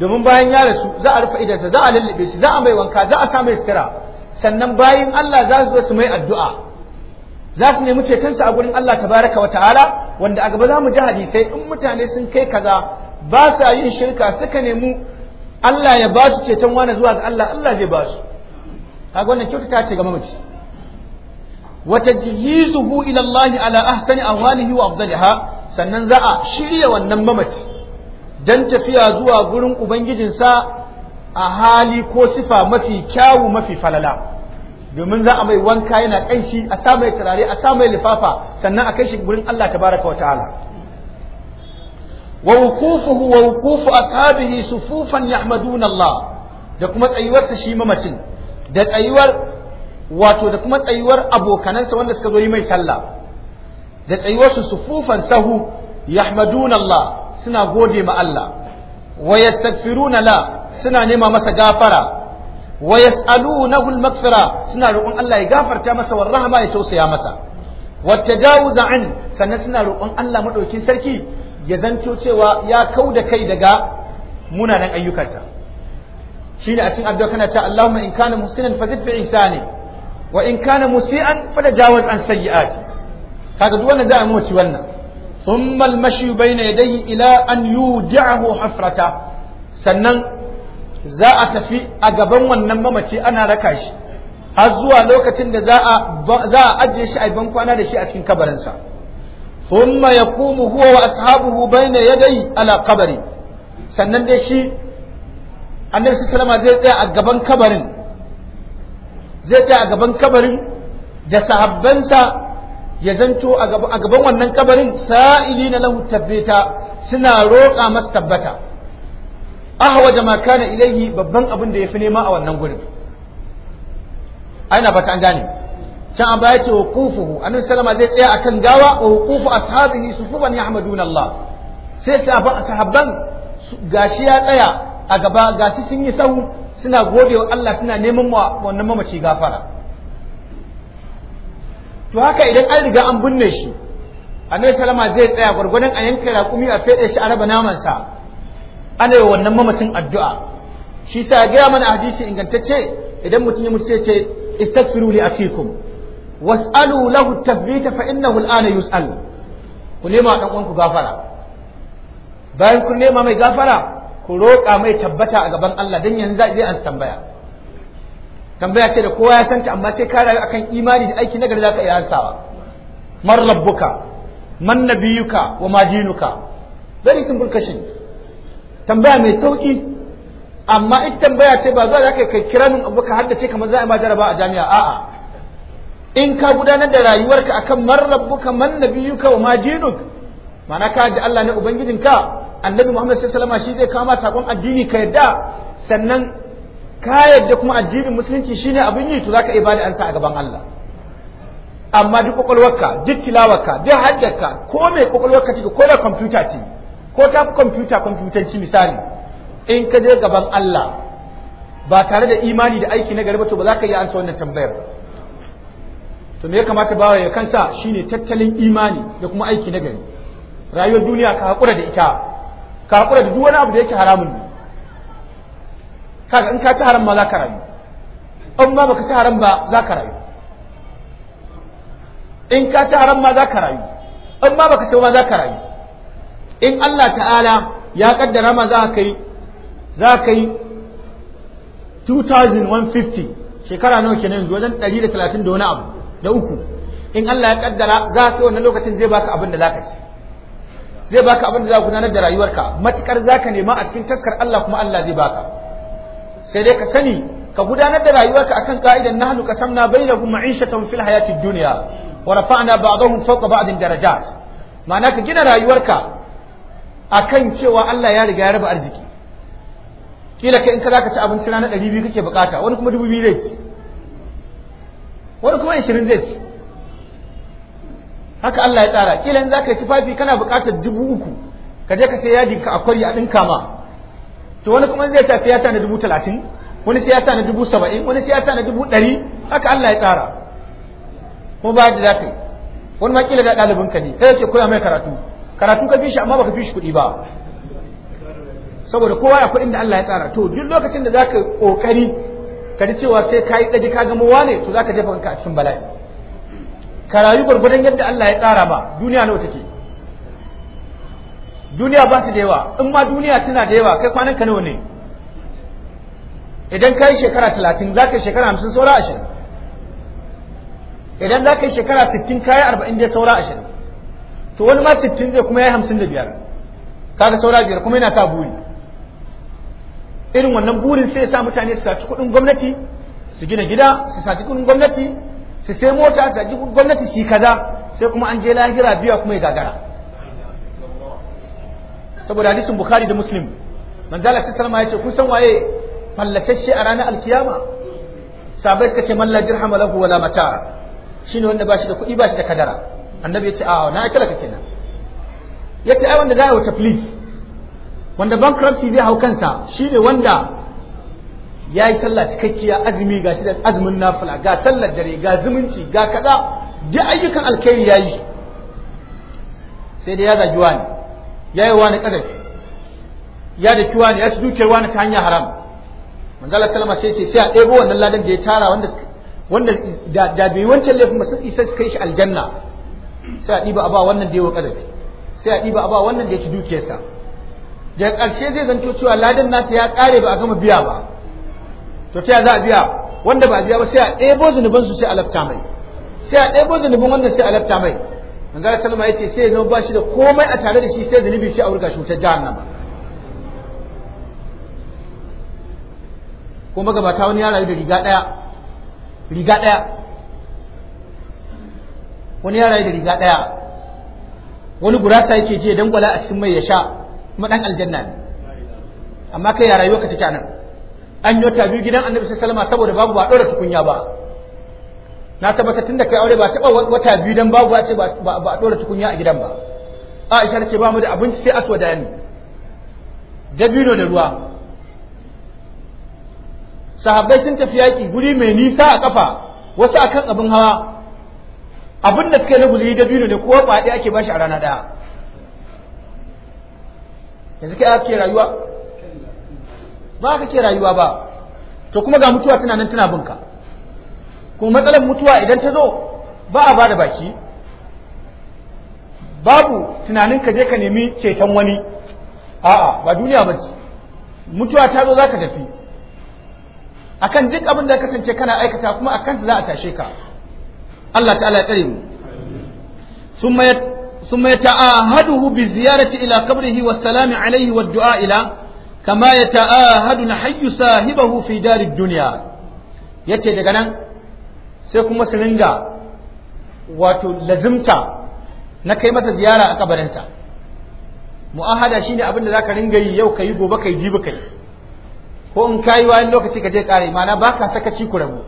domin bayan ya rasu za a rufe idansa za a lullube shi za a mai wanka za a sa mai sutura sannan bayan Allah za su zo su mai addu'a za su nemi cetonsa a gurin Allah tabaraka wa ta'ala wanda a gaba za mu ji hadisai in mutane sun kai kaza ba sa yin shirka suka nemi Allah ya ba su ceton wani zuwa ga Allah Allah zai ba su kaga wannan kyautata ce ga mamaci wata tajhizuhu ila Allah ala ahsani awalihi wa afdaliha sannan za a shirya wannan mamaci dan tafiya zuwa gurin ubangijinsa a hali ko sifa mafi kyawu mafi falala domin za a mai wanka yana kanshi a sa mai turare a sa mai lifafa sannan a kai shi gurin Allah tabaraka wa ta'ala ووقوفه ووقوف أصحابه صفوفا يحمدون الله da kuma tsayuwarsa shi mamacin da tsayuwar wato da kuma tsayuwar abokanansa wanda suka zo yi mai sallah da tsayuwarsu sufufan sahu yahmaduna Allah suna gode ma Allah wa yastaghfiruna la suna nema masa gafara wa yas'alunahu al-maghfira suna roƙon Allah ya gafarta masa wa rahama ya tausaya masa wa tajawuza an sannan suna roƙon Allah madaukin sarki ya zanto cewa ya kau da kai daga munanan ayyukansa shi ne a cikin addu'a kana ta Allahumma in kana muhsinan fa zid bi ihsani wa in kana musian fa tajawaz an sayyi'ati kaga duk wannan za a mace wannan thumma al-mashi bayna yadayhi ila an yudi'ahu hafrata sannan za a tafi a gaban wannan mamaci ana raka shi har zuwa lokacin da za a ajiye shi a ban kwana da shi a cikin kabarinsa thumma yaqumu huwa wa ashabuhu bayna yadayhi ala sannan dai shi annabi sallama zai tsaya a gaban kabarin zai tsaya a gaban kabarin da sahabbansa ya zanto a gaban wannan kabarin sa'ili na lahu tabbata suna roƙa masa tabbata ahwa da makana ilaihi babban abin da ya fi nema a wannan gurin aina fata an gane can an baya ce wa kufuhu annabi sallama zai tsaya akan gawa wa hukufu ashabihi sufuban yahmadun Allah sai sahabban gashi ya tsaya a gaba gashi sun yi sahu suna gode wa Allah suna neman wa wannan mamaci gafara to haka idan an riga an binne shi annabi sallama zai tsaya gwargwadon a yanka raƙumi a fede shi a raba namansa ana yi wannan mamacin addu'a shi sa ya gaya mana hadisi ingantacce idan mutum ya mutu sai ce istaghfiru li akikum was'alu lahu tathbita fa innahu al'ana yus'al ku nema dan uwanku gafara bayan kun nema mai gafara ku roƙa mai tabbata a gaban Allah dan yanzu zai an tambaya tambaya ce da kowa ya san ta amma sai ka rayu akan imani da aiki nagari zaka iya ansawa man rabbuka man nabiyuka wa ma very simple question tambaya mai sauki amma ita tambaya ce ba za ka kai kira min abu ka haddace kamar za a ma jaraba a jami'a a'a in ka gudanar da rayuwarka akan man rabbuka man nabiyuka wa ma mana ka da Allah ne ubangijinka annabi Muhammad sallallahu alaihi shi zai kama sakon addini ka yadda sannan ka yadda kuma addinin musulunci shine abin yi to zaka ibada ansa a gaban Allah amma duk kwakwalwarka duk tilawarka duk haddarka ko mai kwakwalwarka ce ko da kwamfuta ce ko ta fi kwamfuta kwamfutanci misali in ka je gaban Allah ba tare da imani da aiki na gari ba to ba za ka yi ansa wannan tambayar ba to me ya kamata bawa ya kansa shine tattalin imani da kuma aiki na gari rayuwar duniya ka hakura da ita ka hakura da duk wani abu da yake haramun ne kaga in ka ci haram ma za ka rayu in ma baka ci haram ba za ka rayu in ka ci haram ma za ka rayu in ma baka ci ba za ka rayu in Allah ta'ala ya kaddara ma za ka yi za ka yi 2150 shekara nawa kenan yanzu wajen 130 da wani abu da uku in Allah ya kaddara za ka wannan lokacin zai baka abin da zaka ci zai baka abin da za ka gudanar da rayuwarka matukar zaka nema a cikin taskar Allah kuma Allah zai baka sai dai ka sani ka gudanar da rayuwarka akan ka'idan nahnu qasamna bainahum ma'ishatan fil hayatid duniya wa rafa'na ba'dahum fawqa ba'din darajat ma'ana ka gina rayuwarka akan cewa Allah ya riga ya raba arziki kila kai in ka ka ci abinci rana biyu kake bukata wani kuma 2000 zai ci wani kuma ishirin zai ci haka Allah ya tsara kila in ka yi tufafi kana buƙatar dubu uku ka je ka sai yadi ka akwari a ɗinka ma to wani kuma zai sa sai ya sa na dubu talatin wani sai ya sa na dubu saba'in wani sai ya sa na dubu ɗari haka Allah ya tsara kuma ba da ka yi wani ma kila da ɗalibinka ka ne kai yake koya mai karatu karatu ka fi shi amma baka fi shi kuɗi ba saboda kowa ya kuɗin da Allah ya tsara to duk lokacin da za ka kokari ka ji cewa sai ka yi ɗaji ka gama wane to za ka jefa kanka a cikin bala'i ka rayu gwargwadon yadda Allah ya tsara ba duniya nawa take duniya ba ta da yawa in ma duniya tana da yawa kai kwanan ka nawa ne idan ka yi shekara talatin za ka yi shekara hamsin saura ashirin idan za ka yi shekara sittin ka yi arba'in dai saura ashirin to wani ma sittin zai kuma ya yi hamsin da biyar kaga saura biyar kuma yana sa buri irin wannan burin sai sa mutane su saci kuɗin gwamnati su gina gida su saci kuɗin gwamnati su sai mota su saci kuɗin gwamnati su kaza sai kuma an je lahira biya kuma ya gagara saboda hadisin bukhari da muslim manzala sai salama ya ce kun san waye fallasasshe a ranar alkiyama sabai suka ce malla dirham lahu wala mata shine wanda ba shi da kuɗi ba shi da kadara annabi ya ce a na ka kenan ya ce ai wanda za a wata please wanda bankruptcy zai hau kansa shine wanda ya yi sallah cikakkiya azumi ga shi da azumin nafila ga sallar dare ga zumunci ga kaza duk ayyukan alkhairi ya yi sai dai ya zagi wani ya yi wani ƙazafi ya da kiwa ne ya ci dukiyar wani ta hanyar haram manzala salama sai ce sai a ɗebo wannan ladan da ya tara wanda wanda da da bai wancan laifin ba sun isa su kai shi aljanna sai a ɗiba a ba wannan da ya wa ƙazafi sai a ɗiba a ba wannan da ya ci dukiyarsa daga ƙarshe zai zanto cewa ladan nasu ya ƙare ba a gama biya ba to ta za a biya wanda ba a biya ba sai a ɗebo zunubin su sai a lafta mai sai a ɗebo zunubin wannan sai a lafta mai manzara salama ya ce sai ya zama ba shi da komai a tare da shi sai zunubi sai a wurga shi wutar ba. ko gabata wani ya rayu da riga ɗaya riga ɗaya wani ya rayu da riga ɗaya wani gurasa yake je dangwala a cikin mai ya sha kuma aljanna ne amma kai ya rayuwa ka take nan an yi ta biyu gidan annabi sallallahu alaihi saboda babu ba dora tukunya ba na tabbata da kai aure ba taba wata biyu dan babu ba ce ba dora tukunya a gidan ba Aisha ce ba mu da abinci sai aswada ne dabino da ruwa sahabbai sun tafi yaki guri mai nisa a kafa wasu akan abin hawa abin da suke na guzuri dabino ne kowa ɗaya ake bashi a rana ɗaya yanzu kai ake rayuwa ba ka ke rayuwa ba to kuma ga mutuwa tana nan tana binka kuma matsalar mutuwa idan ta zo ba a bada baki babu tunanin ka je ka nemi ceton wani a'a ba duniya ba ce mutuwa ta zo za ka tafi akan duk abin da kasance kana aikata kuma akan za a tashe ka Allah ta'ala ya tsare mu sun ثم يتعاهده بالزيارة إلى قبره والسلام عليه والدعاء له كما يتعاهد الحي صاحبه في دار الدنيا yace daga nan sai kuma su ringa wato lazimta na kai masa ziyara a kabarinsa mu'ahada shi ne abin da zaka ringa yi yau kai gobe kai jibi kai ko in kayi wayan lokaci ka je kare mana baka saka ku rabu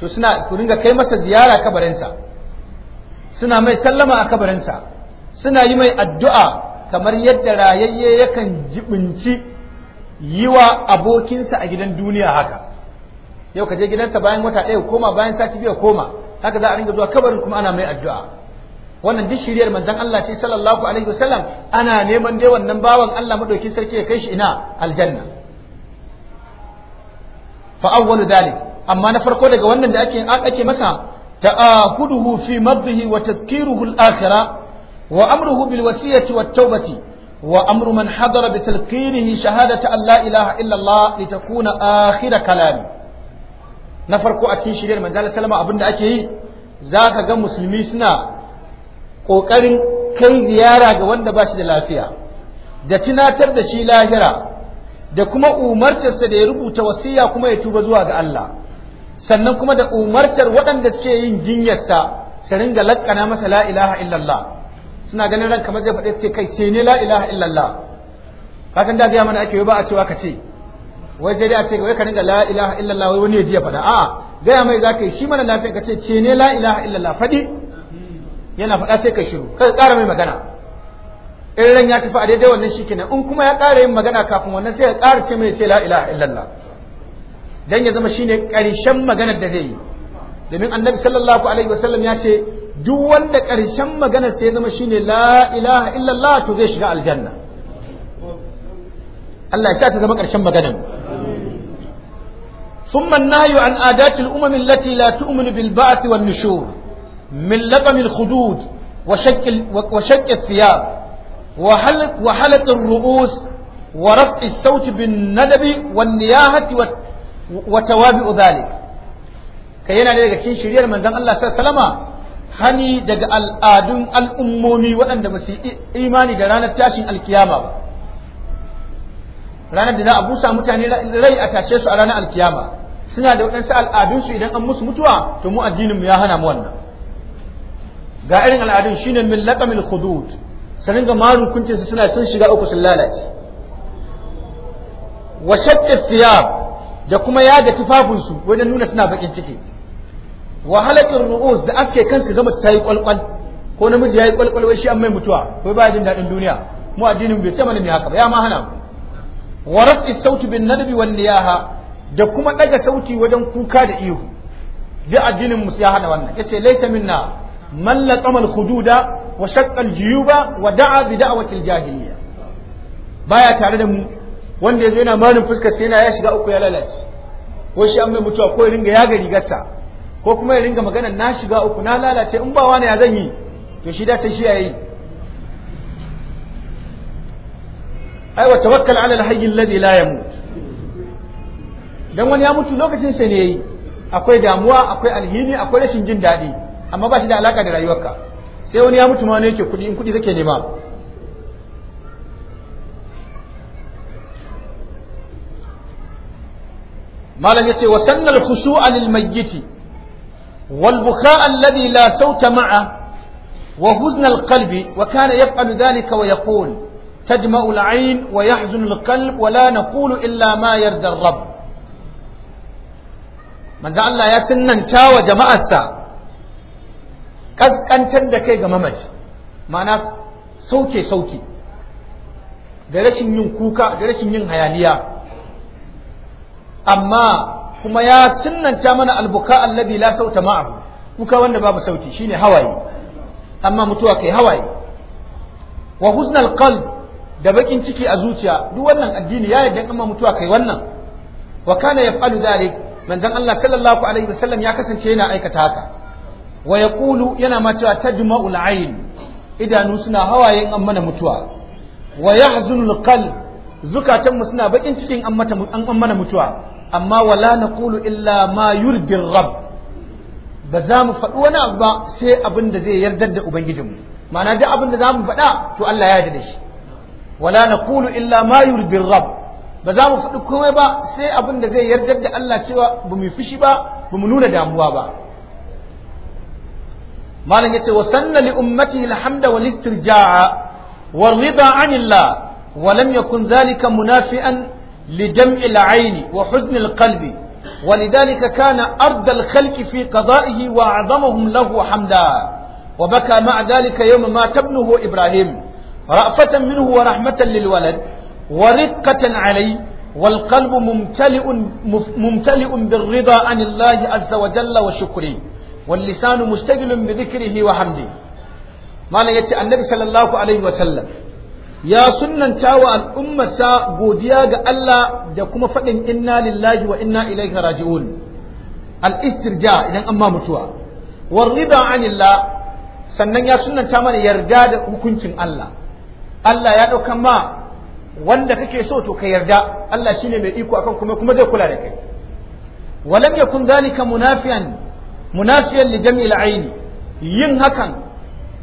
to suna ku ringa kai masa ziyara a kabarinsa suna mai sallama a kabarinsa suna yi mai addu'a kamar yadda rayayye yakan jibinci yi wa abokinsa a gidan duniya haka yau ka je gidansa bayan wata ɗaya koma bayan sati biyu koma haka za a ringa zuwa kabarin kuma ana mai addu'a wannan duk shiriyar manzon Allah ce sallallahu alaihi wasallam ana neman dai wannan bawan Allah madaukin sarki ya kai shi ina aljanna fa awwalu dalik amma na farko daga wannan da ake ake masa ta'ahuduhu fi mabdihi wa tadhkiruhu al-akhirah وأمره بالوسية والتوبة وأمر من حضر بتلقينه شهادة أن لا إله إلا الله لتكون آخر كلامه نفرق أتكين شرير من زال سلم أبن أكي ذاك جم مسلمي سنا ƙoƙarin kai ziyara ga wanda ba shi da lafiya da tunatar da shi lahira da kuma umarcarsa da ya rubuta wasiya kuma ya tuba zuwa ga Allah sannan kuma da umartar waɗanda suke yin jinyarsa su ringa lakkana masa la ilaha illallah suna ganin ranka kamar zai faɗe ce kai ce ne la ilaha illallah ka san da mana ake yi ba a cewa ka ce wai sai dai a ce wai ka ringa la ilaha illallah wai wani ya ji ya faɗa a'a gaya mai ka yi shi mana lafiya ka ce ce ne la ilaha illallah faɗi yana faɗa sai ka shiru ka ƙara mai magana in ran ya tafi a daidai wannan shi kenan in kuma ya ƙara yin magana kafin wannan sai ya ƙara ce mai ce la ilaha illallah dan ya zama shine ƙarshen maganar da zai yi domin annabi sallallahu alaihi wasallam ya ce duk wanda ƙarshen magana sai zama shine la ilaha illallah to zai shiga aljanna Allah ya sa ta zama ƙarshen ثم النهي عن عادات الأمم التي لا تؤمن بالبعث والنشور من لقم الخدود وشك, وشك الثياب وحلق, وحلق الرؤوس ورفع الصوت بالندب والنياهة وتوابع ذلك كينا لك شيء شرير من ذنب الله صلى الله عليه وسلم hani daga al'adun al'ummomi waɗanda ba imani da ranar tashin alkiyama ba ranar da za a busa mutane rai a tashe su a ranar alkiyama suna da waɗansu al'adunsu idan an musu mutuwa to mu addininmu ya hana mu wannan ga irin al'adun shine min laqamil hudud sanin ga maru kunce su suna sun shiga uku sun lalace wa shaqqa thiyab da kuma yaga tufafinsu wajen nuna suna bakin ciki wahalakin ru'us da aske kansu zama su ta yi kwalkwal ko namiji ya yi kwalkwal wai shi an mai mutuwa wai baya jin daɗin duniya mu addinin bai ce mana me haka ba ya ma hana mu wa raf'i sautu bin nadbi wal niyaha da kuma daga sauti wajen kuka da ihu bi addinin mu ya hana wannan yace laysa minna man laqama al khududa wa shaqqa al juyuba wa da'a bi da'wati al jahiliyya baya tare da mu wanda ya yana malin fuskar sai yana ya shiga uku ya lalace ko shi an mai mutuwa ko ya ringa yaga gasa. ko kuma ya ringa magana na shiga uku na lalace in ba wani ya zan yi to shi da ta shi yayi ai wa tawakkal ala alhayy alladhi la yamut dan wani ya mutu lokacin sa ne yayi akwai damuwa akwai alhini akwai rashin jin daɗi amma ba shi da alaka da rayuwarka sai wani ya mutu ma ne yake kuɗi in kuɗi zake nema malam yace wa sannal khushu'a lil mayyiti والبكاء الذي لا صوت معه وحزن القلب وكان يفعل ذلك ويقول تدمأ العين ويحزن القلب ولا نقول إلا ما يرضى الرب من ذا الله يسنن تاوى جماعة سا قز أن تندكي جمامج معنى sauke sauke da rashin yin kuka da rashin yin hayaniya amma kuma ya sunnanta mana albuka allazi la sauta ma'ahu kuka wanda babu sauti shine hawaye amma mutuwa kai hawaye wa huznal qalb da bakin ciki a zuciya duk wannan addini ya yarda amma mutuwa kai wannan wa kana yaf'alu dhalik manzon Allah sallallahu alaihi wasallam ya kasance yana aikata haka wa yaqulu yana ma cewa tajma'ul ayn idanu suna hawaye an mana mutuwa wa yahzunul qalb zukatan mu suna bakin cikin an mana mutuwa amma wala kulu illa ma yurdi rabb ba za mu faɗi wani abu ba sai abin da zai yardar da ubangijinmu ma'ana duk abin da za mu faɗa to Allah ya yarda da shi wala kulu illa ma yurdi rabb ba za mu faɗi komai ba sai abin da zai yardar da Allah cewa ba mu fishi ba ba mu nuna damuwa ba malam yace wa sanna li ummatihi alhamda wal istirja'a war rida anillah wa lam yakun dhalika munafi'an لجمع العين وحزن القلب ولذلك كان أرض الخلق في قضائه وأعظمهم له حمدا وبكى مع ذلك يوم مات ابنه إبراهيم رأفة منه ورحمة للولد ورقة عليه والقلب ممتلئ ممتلئ بالرضا عن الله عز وجل وشكره واللسان مشتغل بذكره وحمده ما لا يتي النبي صلى الله عليه وسلم ya sunanta wa al'ummarsa godiya ga Allah da kuma faɗin inna lillahi wa inna ilaihi raji'un al-istirja idan an ma mutuwa war rida anillah sannan ya sunanta mana yarda da hukuncin Allah Allah ya ɗauka ma wanda kake so to ka yarda Allah shine mai iko akan kuma kuma zai kula da kai walam yakun zalika munafiyan munafiyan li jam'il aini yin hakan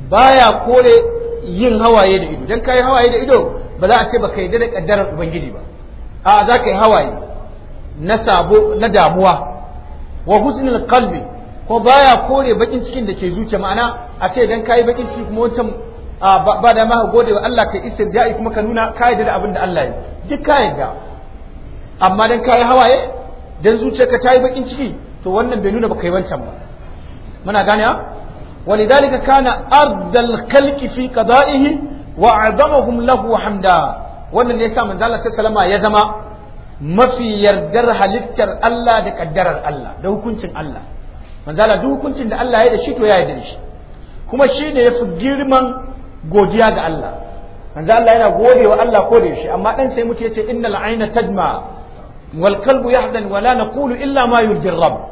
baya kore yin hawaye da ido dan kai hawaye da ido ba za a ce baka yarda da kaddarar ubangiji ba a za ka yi hawaye na sabo na damuwa wa husnul qalbi ko baya kore bakin cikin da ke zuciya ma'ana a ce dan kai bakin ciki kuma wancan ba da ma gode wa Allah kai istirja'i kuma ka nuna ka da abin da Allah ya duk kai da amma dan kai hawaye dan zuciyarka ta yi bakin ciki to wannan bai nuna ba kai wancan ba muna gane ولذلك كان أرد الخلق في قضائه وأعظمهم له حمدا wannan ne yasa manzo Allah sallama ya zama mafi yardar halittar Allah da kaddarar Allah da hukuncin Allah manzo Allah duk hukuncin da Allah ya da shi to ya yarda da shi kuma shi ne yafi girman godiya ga Allah manzo Allah yana gode wa Allah ko da yaushe amma dan sai mutu yace innal aina tajma wal qalbu yahdan wa la naqulu illa ma yurdi rabb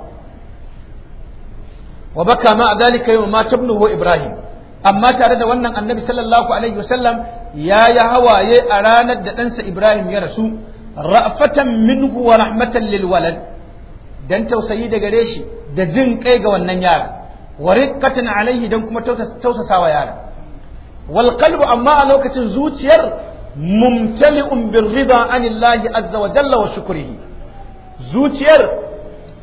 wa baka ma zalika yawma ma tabnuhu ibrahim amma tare da wannan annabi sallallahu alaihi wasallam ya yi hawaye a ranar da ɗansa ibrahim ya rasu ra'fatan minhu wa rahmatan lil walad dan tausayi da gare shi da jin kai ga wannan yara wa riqqatan alaihi dan kuma tausasawa yara wal qalbu amma a lokacin zuciyar mumtali'un bir rida anillahi azza wa jalla wa shukrihi zuciyar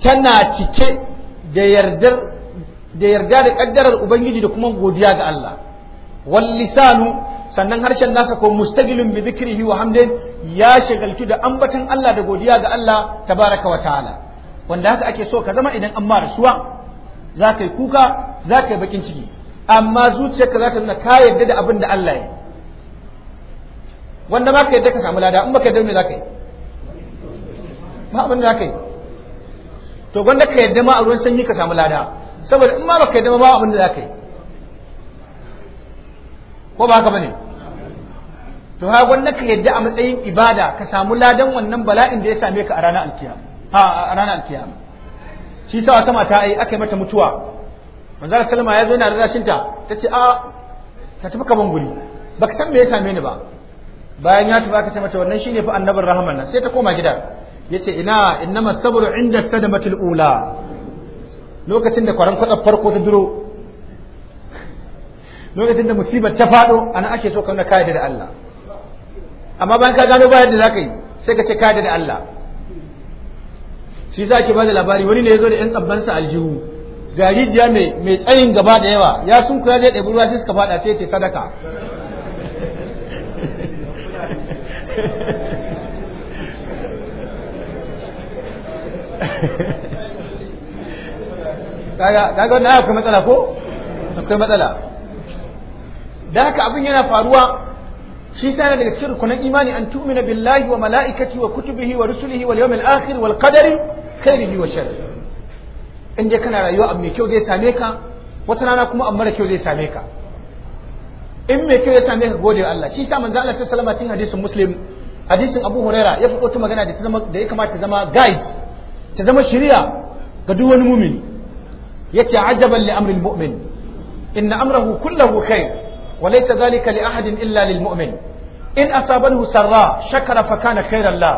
tana cike da yardar da yarda da kaddarar ubangiji da kuma godiya ga Allah wal lisanu sannan harshen nasa ko mustaqilun bi dhikrihi wa hamdin ya shagaltu da ambatan Allah da godiya ga Allah tabaraka wa ta'ala wanda haka ake so ka zama idan an ma rasuwa za ka yi kuka za ka yi bakin ciki amma zuciyarka za ta nuna ka yarda da abin da Allah ya wanda ba ka yarda ka samu lada in baka yarda me za ka yi ba abin da za ka yi to wanda ka yarda ma a ruwan sanyi ka samu lada saboda in ma baka dama ba abin da za ka yi ko ba haka bane to ha wannan ka yadda a matsayin ibada ka samu ladan wannan bala'in da ya same ka a ranar alkiyama a ranar alkiyama shi sa wata mata ai aka yi mata mutuwa manzara salama ya zo yana da ta ta ce a ta tafi kaman guri baka san me ya same ni ba bayan ya tafi aka ce mata wannan shine fa annabar rahman sai ta koma gida yace ina innama sabru inda sadamatul ula lokacin da kwaran kwatsar farko ta duro lokacin da musibar ta faɗo ana ake so kauna kayyade da Allah amma bayan ka gano bayan da zaka yi sai ka ce kayyade da Allah shi yasa ake bada labari wani ne ya zo da yan tsabbansa aljihu jarijiya mai mai tsayin gaba da yawa ya sun kuya zai ɗebi ruwa sai suka faɗa sai ya ce sadaka <laughs> kaga kaga wannan akwai matsala ko akwai matsala da haka abin yana faruwa shi sa daga cikin rukunan imani an tu'mina billahi wa mala'ikati wa kutubihi wa rusulihi wal yawmil akhir wal qadari khairihi wa sharrihi in dai kana rayuwa abu mai kyau zai same ka wata rana kuma abu mara kyau zai same ka in mai kyau ya same ka gode Allah shi sa manzo Allah sallallahu alaihi wasallam hadisin muslim hadisin Abu Huraira ya fi ta magana da ta zama da ya kamata ta zama guide ta zama shari'a ga duk wani mumini yace ajaban li amril mu'min inna amrahu kullahu khair wa laysa dhalika li ahadin illa lil mu'min in asabahu sarra shakara fa kana khairan la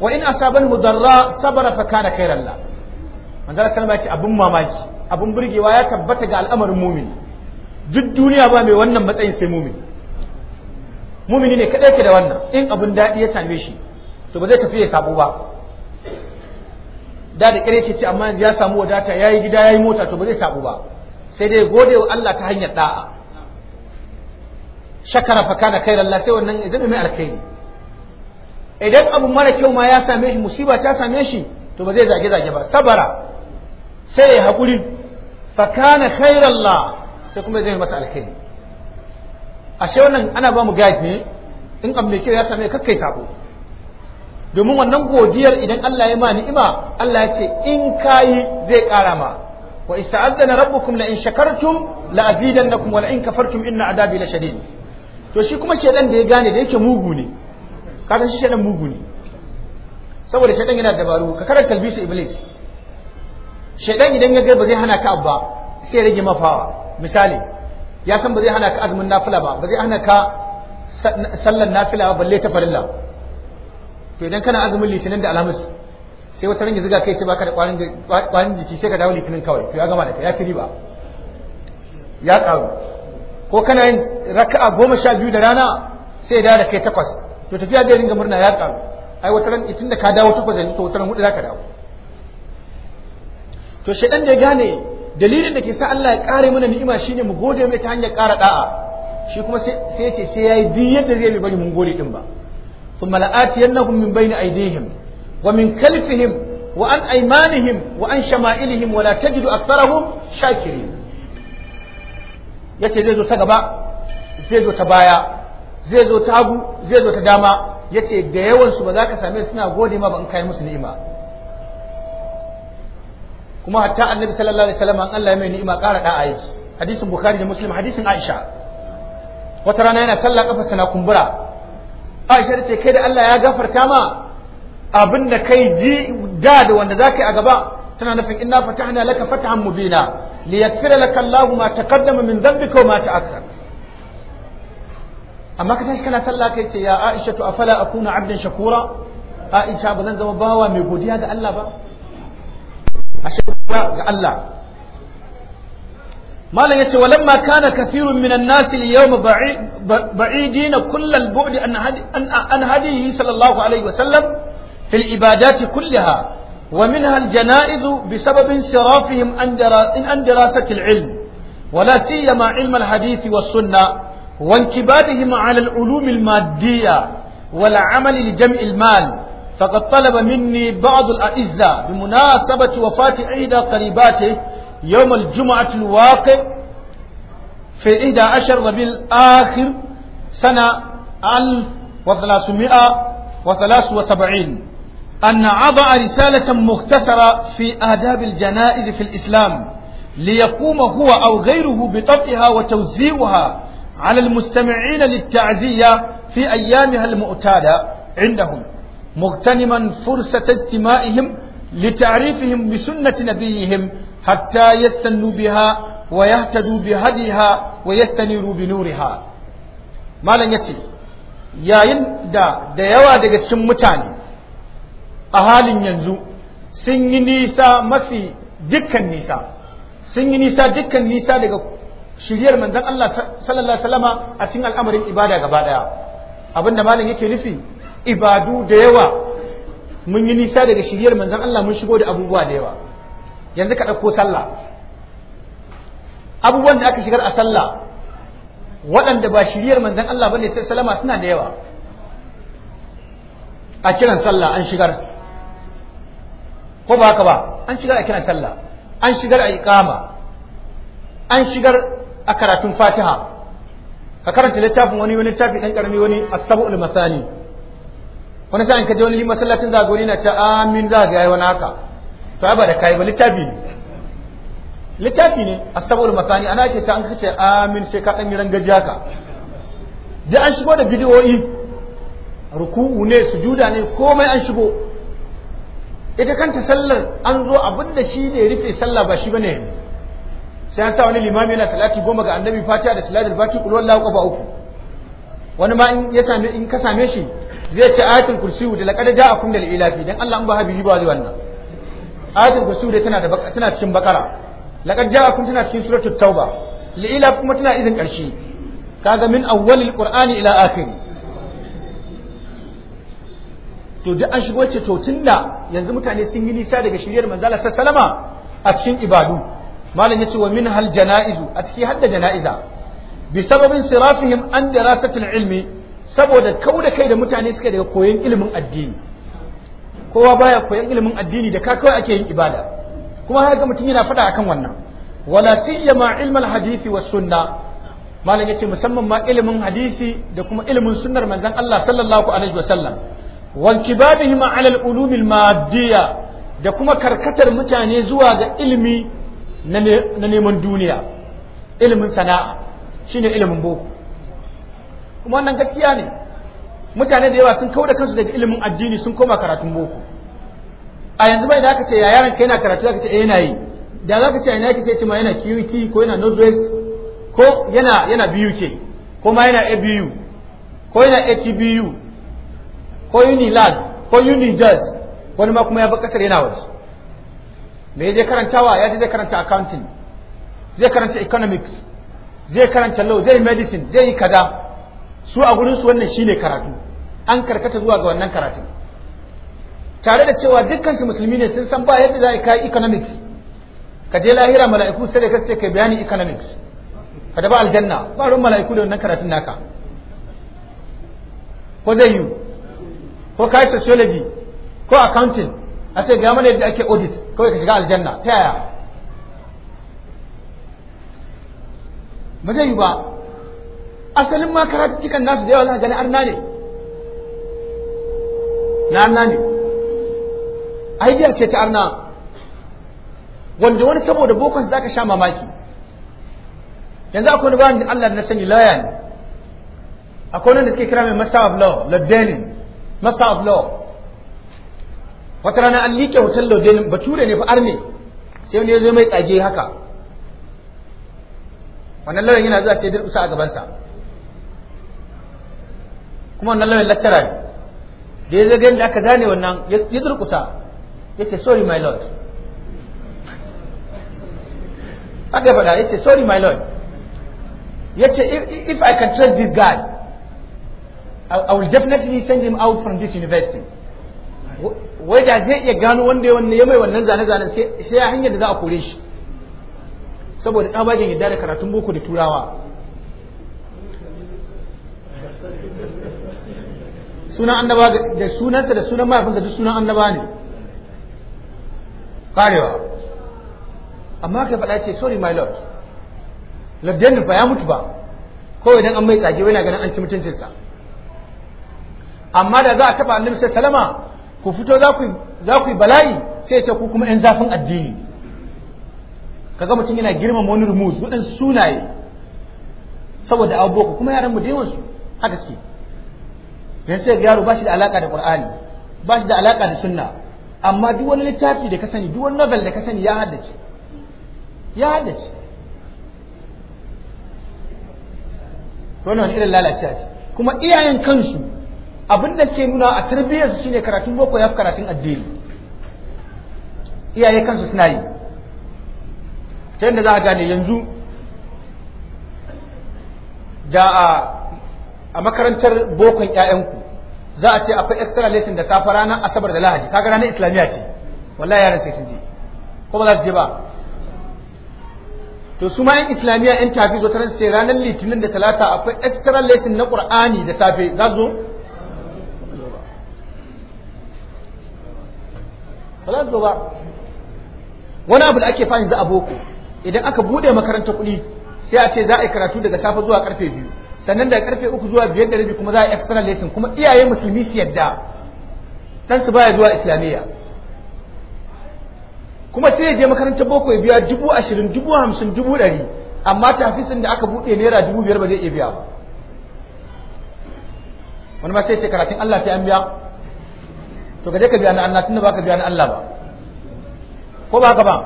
wa in asabahu darra sabara fa kana khairan la manzo sallallahu alaihi abun mamaki abun burgewa ya tabbata ga al'amarin mu'min duk duniya ba mai wannan matsayin sai mu'min mu'mini ne kadai ke da wannan in abun dadi ya same shi to ba zai tafi ya sabo ba da da kare yake ce amma yanzu ya samu wadata yayi gida yayi mota to ba zai sabu ba sai dai gode wa Allah ta hanyar da'a shakara fa kana khairan la sai wannan idan mai alkhairi idan abu mara kyau ma ya same shi musiba ta same shi to ba zai zage zage ba sabara sai ya hakuri fa kana khairan la sai kuma zai masa alkhairi ashe wannan ana ba mu gaji in abu mai kyau ya same kakkai sabo domin wannan godiyar idan Allah ya ma ni'ima Allah ya ce in kayi zai ƙara ma wa ista'adana rabbukum la in shakartum la azidannakum wa la in kafartum inna adabi la shadid to shi kuma shedan da ya gane da yake mugu ne kasan shi shedan mugu ne saboda shedan yana dabaru ka karanta talbisu iblis shedan idan ya ga ba zai hana ka abba sai rage mafawa misali ya san ba zai hana ka azumin nafila ba ba zai hana ka sallan nafila ba balle ta farilla to idan kana azumin litinin da alhamis sai wata rangi ziga zuga kai ce baka da kwarin jiki sai ka dawo litinin kawai to ya gama da kai ya ci riba ya karu ko kana yin raka'a goma sha biyu da rana sai ya dawo da kai takwas to tafiya zai ringa murna ya karu ai wata rangi tun da ka dawo takwas yanzu to wata rangi hudu ka dawo to shaidan da ya gane dalilin da ke sa Allah ya kare mana ni'ima shine mu gode mai ta hanyar kara da'a shi kuma sai ya ce sai yayi duk yadda zai bari mun gode din ba ثم لآتينهم من بين أيديهم ومن خلفهم وعن أيمانهم وعن شمائلهم ولا تجد أكثرهم شاكرين yace zai zo ta gaba zai zo ta baya zai zo ta hagu zai zo ta dama yace da yawansu ba za ka same suna gode ma ba in kai musu ni'ima kuma hatta annabi sallallahu alaihi wasallam an Allah ya mai ni'ima ƙara da'a yake hadisin bukhari da muslim hadisin aisha wata rana yana sallah kafarsa na kumbura Aisha ce kai da Allah ya gafarta ma abin da kai ji da da wanda zaka yi a gaba tana nufin inna fatahna laka fatahan mubina li yaghfira laka Allah ma taqaddama min dhanbika wa ma ta'akhkhar amma ka tashi kana sallah kai ce ya Aisha to afala akuna abdan shakura Aisha ba zan zama bawa mai godiya ga Allah ba ashe ga Allah مالا يتي ولما كان كثير من الناس اليوم بعيدين كل البعد عن هديه صلى الله عليه وسلم في الإبادات كلها ومنها الجنائز بسبب انصرافهم عن دراسة العلم ولا سيما علم الحديث والسنة وانكبادهم على العلوم المادية والعمل لجمع المال فقد طلب مني بعض الأئزة بمناسبة وفاة عيد قريباته يوم الجمعة الواقع في إحدى عشر ربيع الآخر سنة ألف وثلاثمائة وثلاث وسبعين أن أضع رسالة مختصرة في آداب الجنائز في الإسلام ليقوم هو أو غيره بطبعها وتوزيعها على المستمعين للتعزية في أيامها المعتادة عندهم مغتنما فرصة اجتماعهم لتعريفهم بسنة نبيهم hatta yastannu biha wa yahtadu bi hadiha wa yastaniru bi nuriha malam yace yayin da da yawa daga cikin mutane a halin yanzu sun yi nisa mafi dukkan nisa sun yi nisa dukkan nisa daga shiryar manzon Allah sallallahu a cikin al'amarin ibada gabaɗaya. daya abinda malam yake nufi ibadu da yawa mun yi nisa daga shiryar manzon Allah mun shigo da abubuwa da yawa yanzu ka ɗauko sallah abubuwan da aka shigar a sallah waɗanda ba shiriyar manzon Allah bane sai salama suna da yawa a kiran sallah an shigar ko ba haka ba an shigar a kiran sallah an shigar a ikama an shigar a karatun fatiha ka karanta littafin wani wani littafi dan karami wani as-sab'ul masani wani sa'in ka je wani masallacin zagoni na ta amin za ga yayi wani haka to ba da kai ba littafi ne littafi ne a sabon masani ana sa an kace amin sai ka dan yi gajiya ka da an shigo da bidiyoyi ruku'u ne sujuda ne komai an shigo ita kanta sallar an zo abinda da shi ne rufe sallah ba shi bane sai an sa wani limami yana salati goma ga annabi fatiha da salatul baki kul wallahu ba uku wani ma in ya same in ka same shi zai ce ayatul kursiyu da laqad ja'akum ilafi dan Allah an ba habibi ba zai wannan ayatul kursi tana da tana cikin bakara laqad ja'akum tana cikin suratul tauba li'ila kuma tana izin karshe kaga min awwalil qur'ani ila akhiri to duk an shigo ce to tunda yanzu mutane sun yi nisa daga shiriyar manzala sallama a cikin ibadu malam yace wa min hal janaizu a cikin hadda janaiza bi sababin sirafihim an dirasatul ilmi saboda kauda kai da mutane suka daga koyon ilimin addini kowa baya koyan ilimin addini da ka kawai ake yin ibada kuma haka mutum yana faɗa akan wannan wala siyama ilmal hadisi was sunna malam yace musamman ma ilimin hadisi da kuma ilimin sunnar manzon Allah sallallahu alaihi wasallam wankibabihim ala al-ulum al-maddiya da kuma karkatar mutane zuwa ga ilimi na neman duniya ilimin sana'a shine ilimin boko kuma wannan gaskiya ne mutane da yawa sun kau da kansu daga ilimin addini sun koma karatun boko a yanzu bai da aka ce ya yaron ka yana karatu zaka ce A eh, yana yi da zaka ce ina yake ce ma yana QUT e ko yana Northwest ko yana yana ke ko ma yana ABU ko yana ATBU ko Unilad ko Unijazz wani ma kuma ya bakasar yana wasu me zai karantawa ya zai karanta accounting zai karanta economics zai karanta law zai medicine zai yi Kada. su a gurin su wannan shine karatu an karkata zuwa ga wannan karatu tare da cewa dukkan su musulmi ne sun san ba yadda za a yi economics ka je lahira mala'iku sai da ka sai kai bayani economics ka da ba aljanna ba ruwan mala'iku da wannan karatun naka ko zai yi ko kai sociology ko accounting a sai ga mana yadda ake audit kawai ka shiga aljanna ta yaya ba zai yi ba asalin ma karatuttukan nasu da yawa za gani arna ne na arna ne idea ce ta arna wanda wani saboda bokon za ka sha mamaki yanzu akwai wani bayan Allah na sani lawyer ne akwai da suke kira mai master of law labbenin master of law wata rana an liƙe hotel ba bature ne fa arne sai wani ya zo mai tsage haka wannan lauyan yana zuwa sai durƙusa a gabansa kuma wannan lauyan lecturer ne da ya zaga da aka gane wannan ya durkusa ya ce sorry my lord aka ya faɗa ya ce sorry my lord ya ce if I can trust this guy I will definitely send him out from this university wai da zai iya gano wanda ya wanne ya mai wannan zane-zanen sai ya hanyar da za a kore shi saboda tsabagen yadda da karatun boko da turawa sunan annaba da sunansa da sunan mahaifinsa duk sunan annaba ne karewa amma kai faɗa ce sorry my lord labdanin fa ya mutu ba kawai idan an mai tsage wai na ganin an ci mutuncinsa amma da za a taɓa annabi sai salama ku fito za ku yi bala'i sai ce ku kuma 'yan zafin addini Ka ga mutum yana girmama wani rumus waɗansu sunaye saboda abubuwa kuma yaran mu da yawansu haka suke yanzu sai yaro ba shi da alaka da qur'ani ba shi da alaka da sunna amma duk wani littafi da ka sani duk wani novel da ka sani ya haddace ya haddace wannan wani irin lalace ce kuma iyayen kansu abin da suke nuna a tarbiyyar su shine karatun boko ya fi karatun addini iyaye kansu suna yi ta yadda za a gane yanzu da a a makarantar bokon ƴaƴanku za a ce akwai extra lesson da safa ranar asabar da lahadi kaga ranar islamiyya ce wallahi yaran sai sun je ko ba za su je ba to su ma yan islamiyya yan tafi zo taran sai ranar litinin da talata akwai extra lesson na qur'ani da safe za su zo ba za su zo ba wani abu da ake fahimta a boko idan aka bude makarantar kuɗi sai a ce za a yi karatu daga safe zuwa karfe biyu sannan da karfe uku zuwa biyar da rabi kuma za a external lesson kuma iyaye musulmi su yadda dan su baya zuwa islamiyya kuma sai ya je makarantar boko ya biya dubu ashirin dubu hamsin dubu ɗari amma tafisin da aka buɗe naira dubu biyar ba zai iya biya ba wani ma sai ce karatun Allah sai an biya to ka je ka biya na Allah tunda ba ka biya na Allah ba ko ba haka ba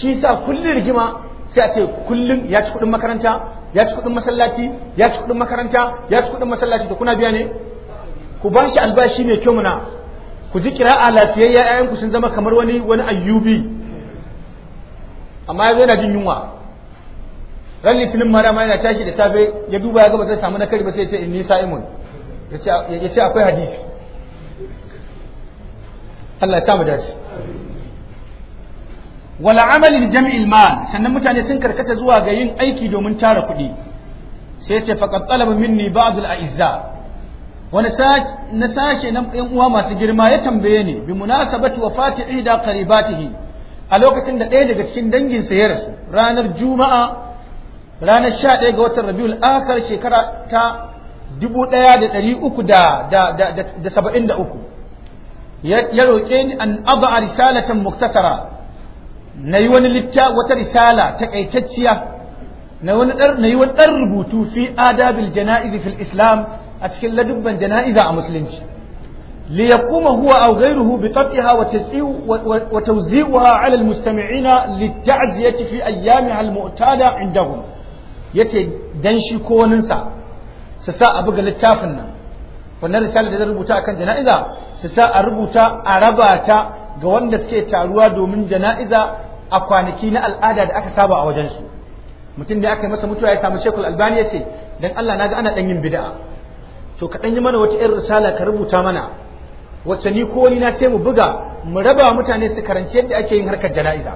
shi sa kullum rigima sai a ce kullum ya ci kuɗin makaranta ya ci kuɗin masallaci ya ci kuɗin makaranta ya ci kuɗin masallaci da kuna biya ne ku ba shi albashi mai kyau muna ku ji kira'a lafiyayya ƴaƴan ku sun zama kamar wani wani ayyubi amma yana jin yunwa ran litinin ma dama yana tashi da safe ya duba ya gaba zai samu na kari ba sai ya ce inni sa'imun ya ce akwai hadisi Allah ya sa mu dace wala amalin jam'il mal sannan mutane sun karkata zuwa ga yin aiki domin tara kuɗi sai ce faqad talaba minni ba'd al a'izza wani na sashe na yan uwa masu girma ya tambaye ni bi munasabati wafati ida qaribatihi a lokacin da ɗaya daga cikin danginsa ya rasu ranar juma'a ranar 11 ga watan rabiul akhir shekara ta 1373 ya roƙe ni an aba risalatan muktasara na yi wani litta wata risala takaitacciya na wani dar na yi wani dar rubutu fi adabil jana'izi fil islam a cikin ladubban jana'iza a musulunci li yakuma huwa aw ghayruhu bi tab'iha wa tas'iu wa tawzi'uha 'ala al mustami'ina lit'aziyati fi ayyamiha al mu'tada 'indahum yace dan shi ko wani sa su sa a buga littafin nan wannan risala da zan rubuta akan jana'iza su sa a rubuta a raba ta ga wanda suke taruwa domin jana'iza a kwanaki na al'ada da aka saba a wajensu mutum da aka masa mutuwa ya samu shekul albani ya ce dan Allah naga ana dan yin bid'a to ka dan yi mana wata 'yar risala ka rubuta mana wacce ni ko wani na sai mu buga mu raba mutane su karanci yadda ake yin harkar jana'iza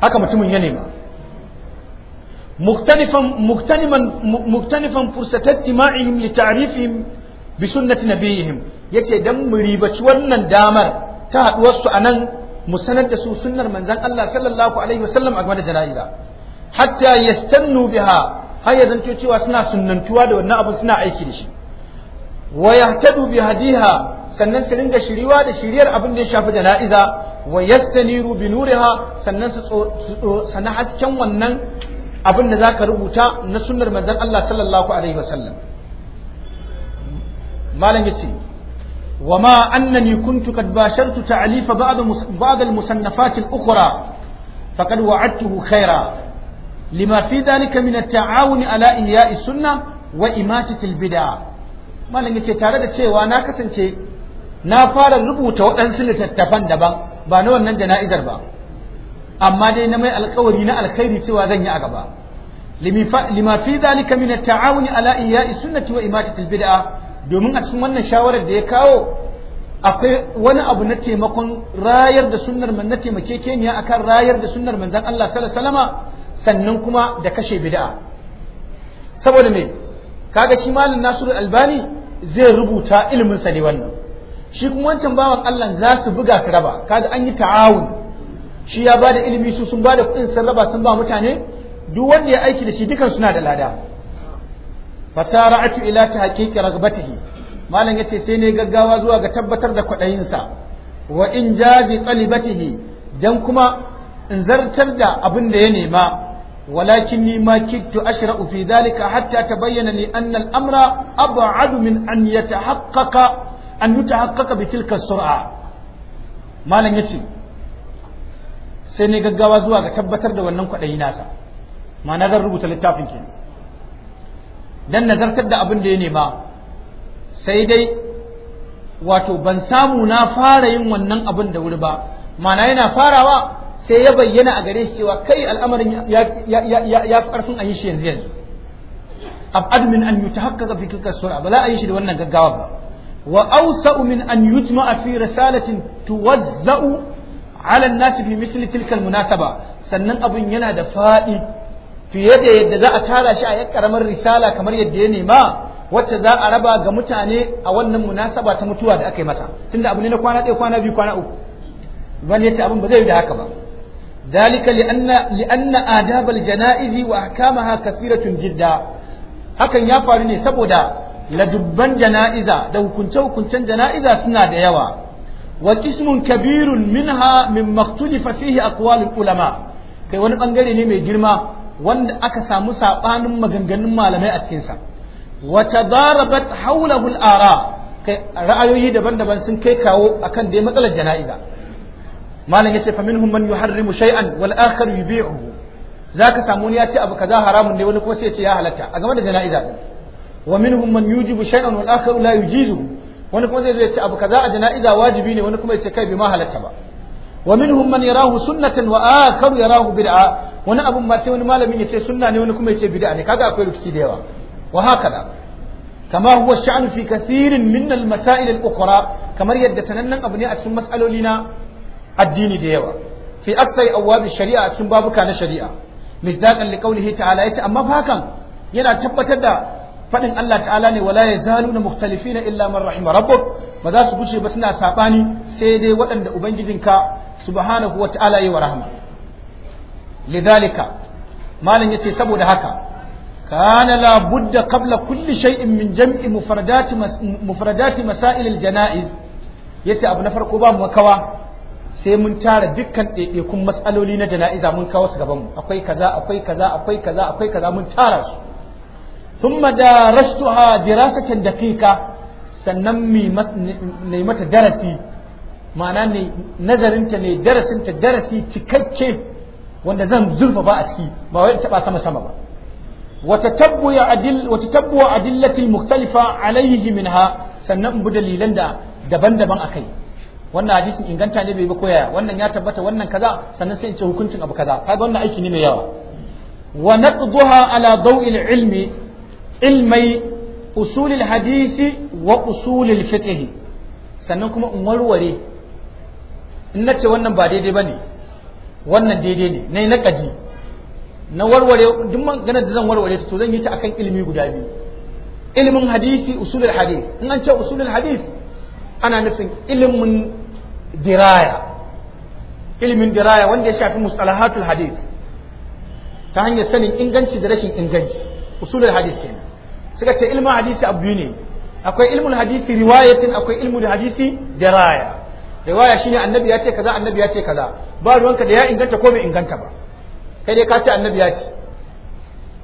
haka mutumin ya nema muktanifan muktaniman muktanifan fursatat tima'ihim li ta'rifihim bi sunnati nabiyihim yace dan mu ribaci wannan damar ta haɗuwarsu a nan. mu sanar da su sunnar manzan Allah sallallahu alaihi wasallam a game da jana'iza hatta yastannu biha har ya zanto cewa suna sunnantuwa da wannan abin suna aiki da shi wa yahtadu bi hadiha sannan su ringa shiriwa da shiriyar abin da ya shafi jana'iza wa yastaniru bi nuriha sannan su sana hasken wannan abin da zaka rubuta na sunnar manzan Allah sallallahu alaihi wasallam malam yace وما أنني كنت قد باشرت تعليف بعض بعض المصنفات الأخرى فقد وعدته خيرا لما في ذلك من التعاون على إياء السنة وإماتة البدع ما لن يتتارى تشي وانا كسن تشي نافار الربوة وأنسل التفن دبا بانو أنن جنائز ربا أما دي نمي القورين الخير سوى ذن أقبا لما في ذلك من التعاون على إياء السنة وإماتة البدع domin a cikin wannan shawarar da ya kawo akwai wani abu na taimakon rayar da sunnar man na taimakekeniya akan rayar da sunnar manzon Allah sallallahu Salama, sannan kuma da kashe bida'a. saboda me kaga shi malam Nasiru Albani zai rubuta ilimin sa ne wannan shi kuma wancan bawan Allah za su buga su raba kaga an yi ta'awun shi ya bada ilimi su sun bada kuɗin sun raba sun ba mutane duk wanda ya aiki da shi dukan suna da lada fasara'atu ila tahqiqi ragbatihi malam yace sai ne gaggawa zuwa ga tabbatar da kwaɗayinsa sa wa injazi talibatihi dan kuma in zartar da abin da ya nema walakin ni ma kittu ashra'u fi dhalika hatta ta bayyana anna al-amra ab'adu min an yatahaqqaqa an yatahaqqaqa bi tilka sur'a malam yace sai ne gaggawa zuwa ga tabbatar da wannan kwaɗayi nasa ma'ana zan rubuta littafin kenan dan nazartar da abin da ya nema sai dai wato ban samu na fara yin wannan abin da wuri ba mana yana farawa sai ya bayyana a gare shi cewa kai al'amarin ya fi ƙarfin a yi shi yanzu yanzu ab'ad min an yutahaqqaqa ga tilka sura ba za a yi shi da wannan gaggawa ba wa awsa'u min an a fi risalatin tuwazza'u ala nasi nas fi mithli munasaba sannan abin yana da fadi fiye da yadda za a tara shi a yan karamar risala kamar yadda ya nema wacce za a raba ga mutane a wannan munasaba ta mutuwa da aka yi masa tunda abu ne na kwana ɗaya kwana biyu kwana uku wani yace abin ba zai yi da haka ba dalika li'anna li'anna adabal janaizi wa ahkamaha tun jidda hakan ya faru ne saboda ladubban jana'iza da hukunce hukuncen jana'iza suna da yawa wa qismun kabirun minha min maktulifa fihi aqwalul ulama kai wani bangare ne mai girma wanda aka samu saɓanin maganganun malamai a cikinsa wata darabat haulahul ara kai ra'ayoyi daban-daban sun kai kawo akan dai matsalar jana'iza malam yace fa minhum man yuharrimu shay'an wal akhar yubi'uhu zaka samu wani ya ce abu kaza haramun ne wani kuma sai ya ce ya halatta a game da jana'iza din wa minhum man yujibu shay'an wal akhar la yujizu wani kuma zai zo ce abu kaza a jana'iza wajibi ne wani kuma ya ce kai bai ma halatta ba wa minhum man yarahu sunnatan wa akhar yarahu bid'a wani abun ma sai wani malamin ya ce sunna ne wani kuma ya bid'a ne kaga akwai rikici da yawa wa hakada kama huwa sha'nu fi kathirin min al masail kamar yadda sanannen abu ne a cikin masaloli na addini da yawa fi aktsari abwab shari'a a cikin babuka na shari'a mai misdaqan li qawlihi ala yace amma fa hakan yana tabbatar da faɗin Allah ta'ala ne wala ya zalu na mukhtalifina illa man rahima rabbuk ba za su guce ba suna saɓani sai dai waɗanda ubangijin ka. subhanahu wa ta'ala yi wa rahma lidhalika malam yace saboda haka kana la budda qabla kulli shay'in min jam'i mufradati mufradati masail al janaiz yace abu na farko ba makawa sai mun tara dukkan ɗaiɗaikun matsaloli na jana'iza mun kawo su gaban mu akwai kaza akwai kaza akwai kaza akwai kaza mun tara su ثم درستها دراسة دقيقة sannan mai mata darasi ma'ana ne nazarinta ne darasinta darasi cikakke wanda zan zurfafa a ciki ba wai taba sama sama ba wata tabbuwa وتتبع muktalifa المختلفة عليه sannan bi dalilan da daban-daban akai wannan hadisin inganta ne bai bi koya wannan ya tabbata wannan kaza sannan sai in ce hukuncin abu kaza kaga wannan aiki ne mai yawa wa naqduha ala daw'il ilmi ilmai usulil hadisi wa usulil fiqh sannan kuma in warware in na ce wannan ba daidai ba ne wannan daidai ne na yi naƙadi na warware duk maganar da zan warware ta to zan yi ta akan ilimi guda biyu ilimin hadisi usulul hadis in an ce usulul hadis ana nufin ilimin diraya ilimin diraya wanda ya shafi mustalahatul hadis ta hanyar sanin inganci da rashin inganci usulul hadis kenan suka ce ilimin hadisi abu ne akwai ilimin hadisi riwayatin akwai ilimin hadisi diraya riwaya shine annabi ya ce kaza annabi ya ce kaza ba ruwanka da ya inganta ko bai inganta ba kai dai ka ce annabi ya ce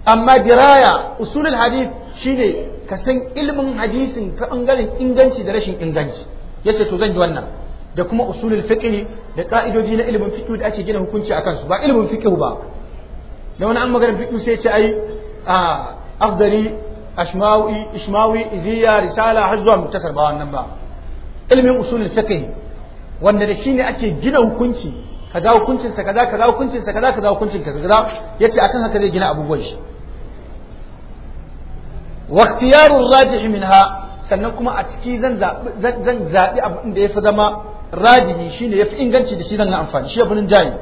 amma diraya usulul hadith shine ka san ilmin hadisin ta bangaren inganci da rashin inganci yace to zan yi wannan da kuma usulul fiqh da ka'idoji na ilimin fiqh da ake gina hukunci akan su ba ilimin fiqh ba da wani an magana fiqh sai ce ai a afdari ashmawi ishmawi iziya risala har zuwa muktasar ba wannan ba Ilmin usulul fiqh wanda da shi ne ake gina hukunci kaza hukuncin sa kaza kaza hukuncin sa kaza kaza hukuncin sa kaza yace akan haka zai gina abubuwan shi wa ikhtiyarur rajih minha sannan kuma a ciki zan zaɓi abin da fi zama rajihi shine yafi inganci da shi zan amfani shi abin jayi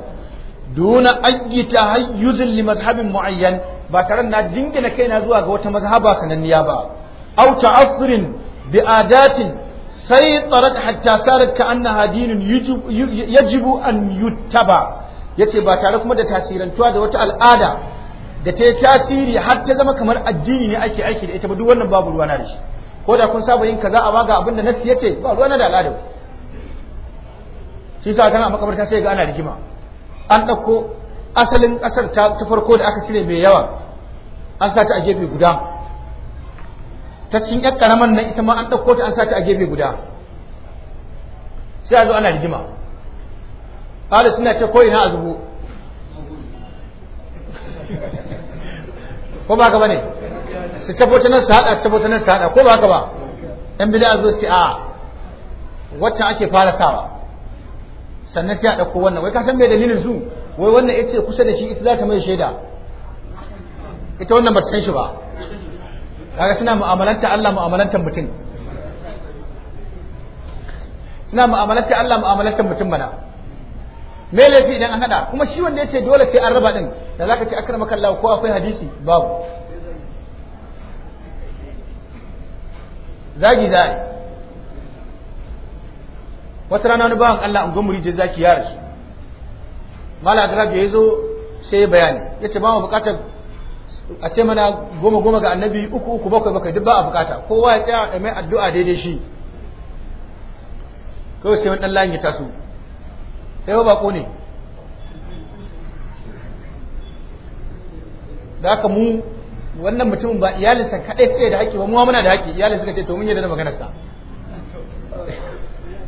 duna ayyi tahayyuzin li mazhabin muayyan ba tare na jingina kaina zuwa ga wata mazhaba sananniya ba aw ta'assurin bi sai سيطرت حتى صارت كأنها hadinin يجب, yajibu an يتبع yace ba tare kuma da tasirantuwa da wata al'ada da ta yi tasiri har ta zama kamar addini ne ake aiki da ita ba duk wannan babu ruwana da shi ko da kun saba yin kaza a baga abin da nasi yace ba ruwana da al'ada shi yasa kana makabarta sai ga ana rigima an ɗauko asalin kasar ta farko da aka cire mai yawa an sa ta a gefe guda ta cikin yar karamar nan ita ma an ɗauko ta an sa ta a gefe guda sai a zo ana rigima ƙada suna ce ko ina a zubo ko ba ka ba ne su tabo ta nan su haɗa su tabo ta nan su haɗa ko ba ka ba ɗan bida zo su a wacce ake fara sawa sannan sai a ɗauko wannan wai ka san mai dalilin su wai wannan ita kusa da shi ita za ta mai shaida ita wannan ba ta san shi ba kaga suna mu'amalanta Allah mu'amalantar mutum suna mu'amalanta Allah mu'amalantar mutum mana me laifi idan an hada kuma shi wanda yace dole sai an raba din da zaka ce akramaka Allah ko akwai hadisi babu zagi zai wata rana wani bawan Allah an gomuri je zaki ya rasu mala grab ya zo sai ya bayani yace ba mu bukatar a ce mana goma goma ga annabi uku uku bakwai bakwai duk ba a bukata kowa ya tsaya da mai addu'a daidai shi kawai sai wani dan layin ya taso sai bako ne da haka mu wannan mutumin ba iyalinsa kadai sai da haƙi ba muwa muna da haƙi iyalin suka ce to mun yi da maganarsa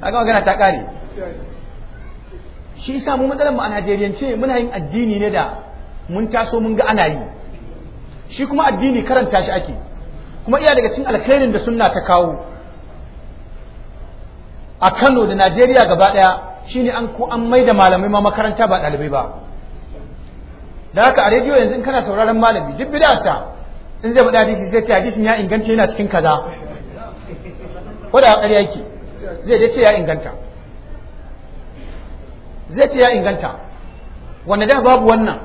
haka magana ta ƙare shi isa mu matsalar mu a Najeriyance muna yin addini ne da mun taso mun ga ana yi shi kuma addini karanta shi ake kuma iya daga cikin alkhairin da sunna ta kawo a Kano da Najeriya gaba ɗaya ne an ko an maida malamai ma makaranta ba ɗalibai ba da haka a rediyo yanzu in kana sauraron malami duk bid'arsa in zai faɗa hadisi sai ce hadisin ya inganta yana cikin kaza ko da ƙarya yake zai ce ya inganta zai ce ya inganta wanda da babu wannan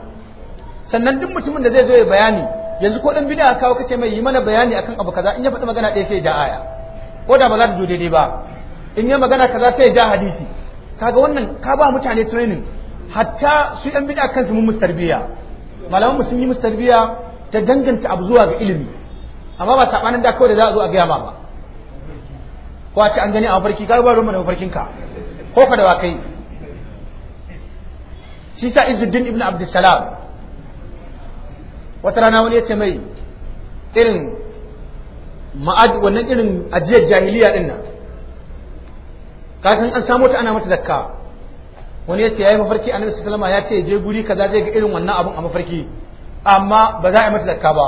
sannan duk mutumin da zai zo ya bayani yanzu ko dan bid'a kawo kace mai yi mana bayani akan abu kaza in ya faɗi magana ɗaya sai da aya ko da ba za ta zo daidai ba in ya magana kaza sai ja hadisi kaga wannan ka ba mutane training hatta su yan bid'a kansu mun mustarbiya malaman mu sun yi mustarbiya ta danganta abu zuwa ga ilimi amma ba sabanin da kawai da za a zo a gaya ma ba ko a ce an gani a mafarki ka ba ruwan mana mafarkin ka ko ka da kai shi sa ibn Abdussalam wata rana wani ya ce mai irin ma'ad wannan irin ajiyar jahiliya din nan kasan an samu ta ana mata zakka wani ya ce yayi mafarki annabi sallallahu alaihi wasallam ya ce je guri kaza zai ga irin wannan abun a mafarki amma ba za a yi mata zakka ba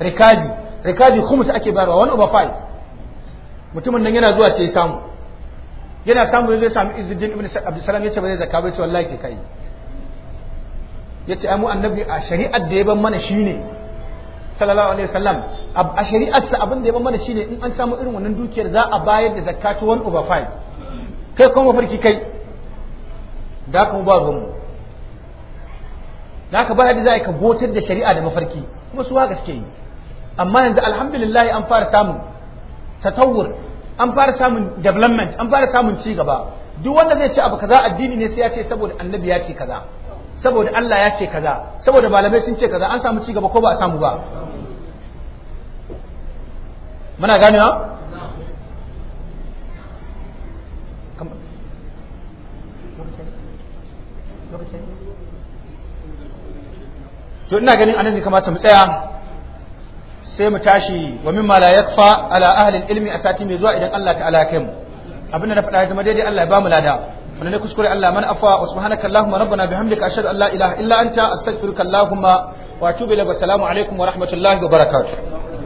rikaji rikaji khums ake bayarwa wani uba fai mutumin nan yana zuwa sai samu yana samu zai samu izzuddin ibn abdussalam ya ce ba zai zakka ba ya ce wallahi sai kai yace ai mu annabi a shari'ar da ya ban mana shine sallallahu alaihi wasallam a shari'ar sa abin da ya ban mana shine in an samu irin wannan dukiyar za a bayar da zakatu 1 over 5 kai kuma mafarki kai da ka ba ruwan mu da ka bayar da za a ka gotar da shari'a da mafarki kuma suwa gaske yi amma yanzu alhamdulillah an fara samun tatawur an fara samun development an fara samun ci gaba duk wanda zai ce abu kaza addini ne sai ya ce saboda annabi ya ce kaza saboda Allah ya ce kaza saboda malamai sun ce kaza an samu cigaba ko ba a samu ba muna ganewa to ina ganin anan zai kamata mu tsaya sai mu tashi wa mimma la yakfa ala ahli ilmi a sati mai zuwa idan Allah ta'ala ya kai mu abinda na faɗa ya zama daidai Allah ya ba mu lada wannan ne kuskure Allah man afwa wa subhanaka allahumma rabbana bihamdika ashhadu an la ilaha illa anta astaghfiruka allahumma wa atubu ilayka assalamu alaikum wa rahmatullahi wa barakatuh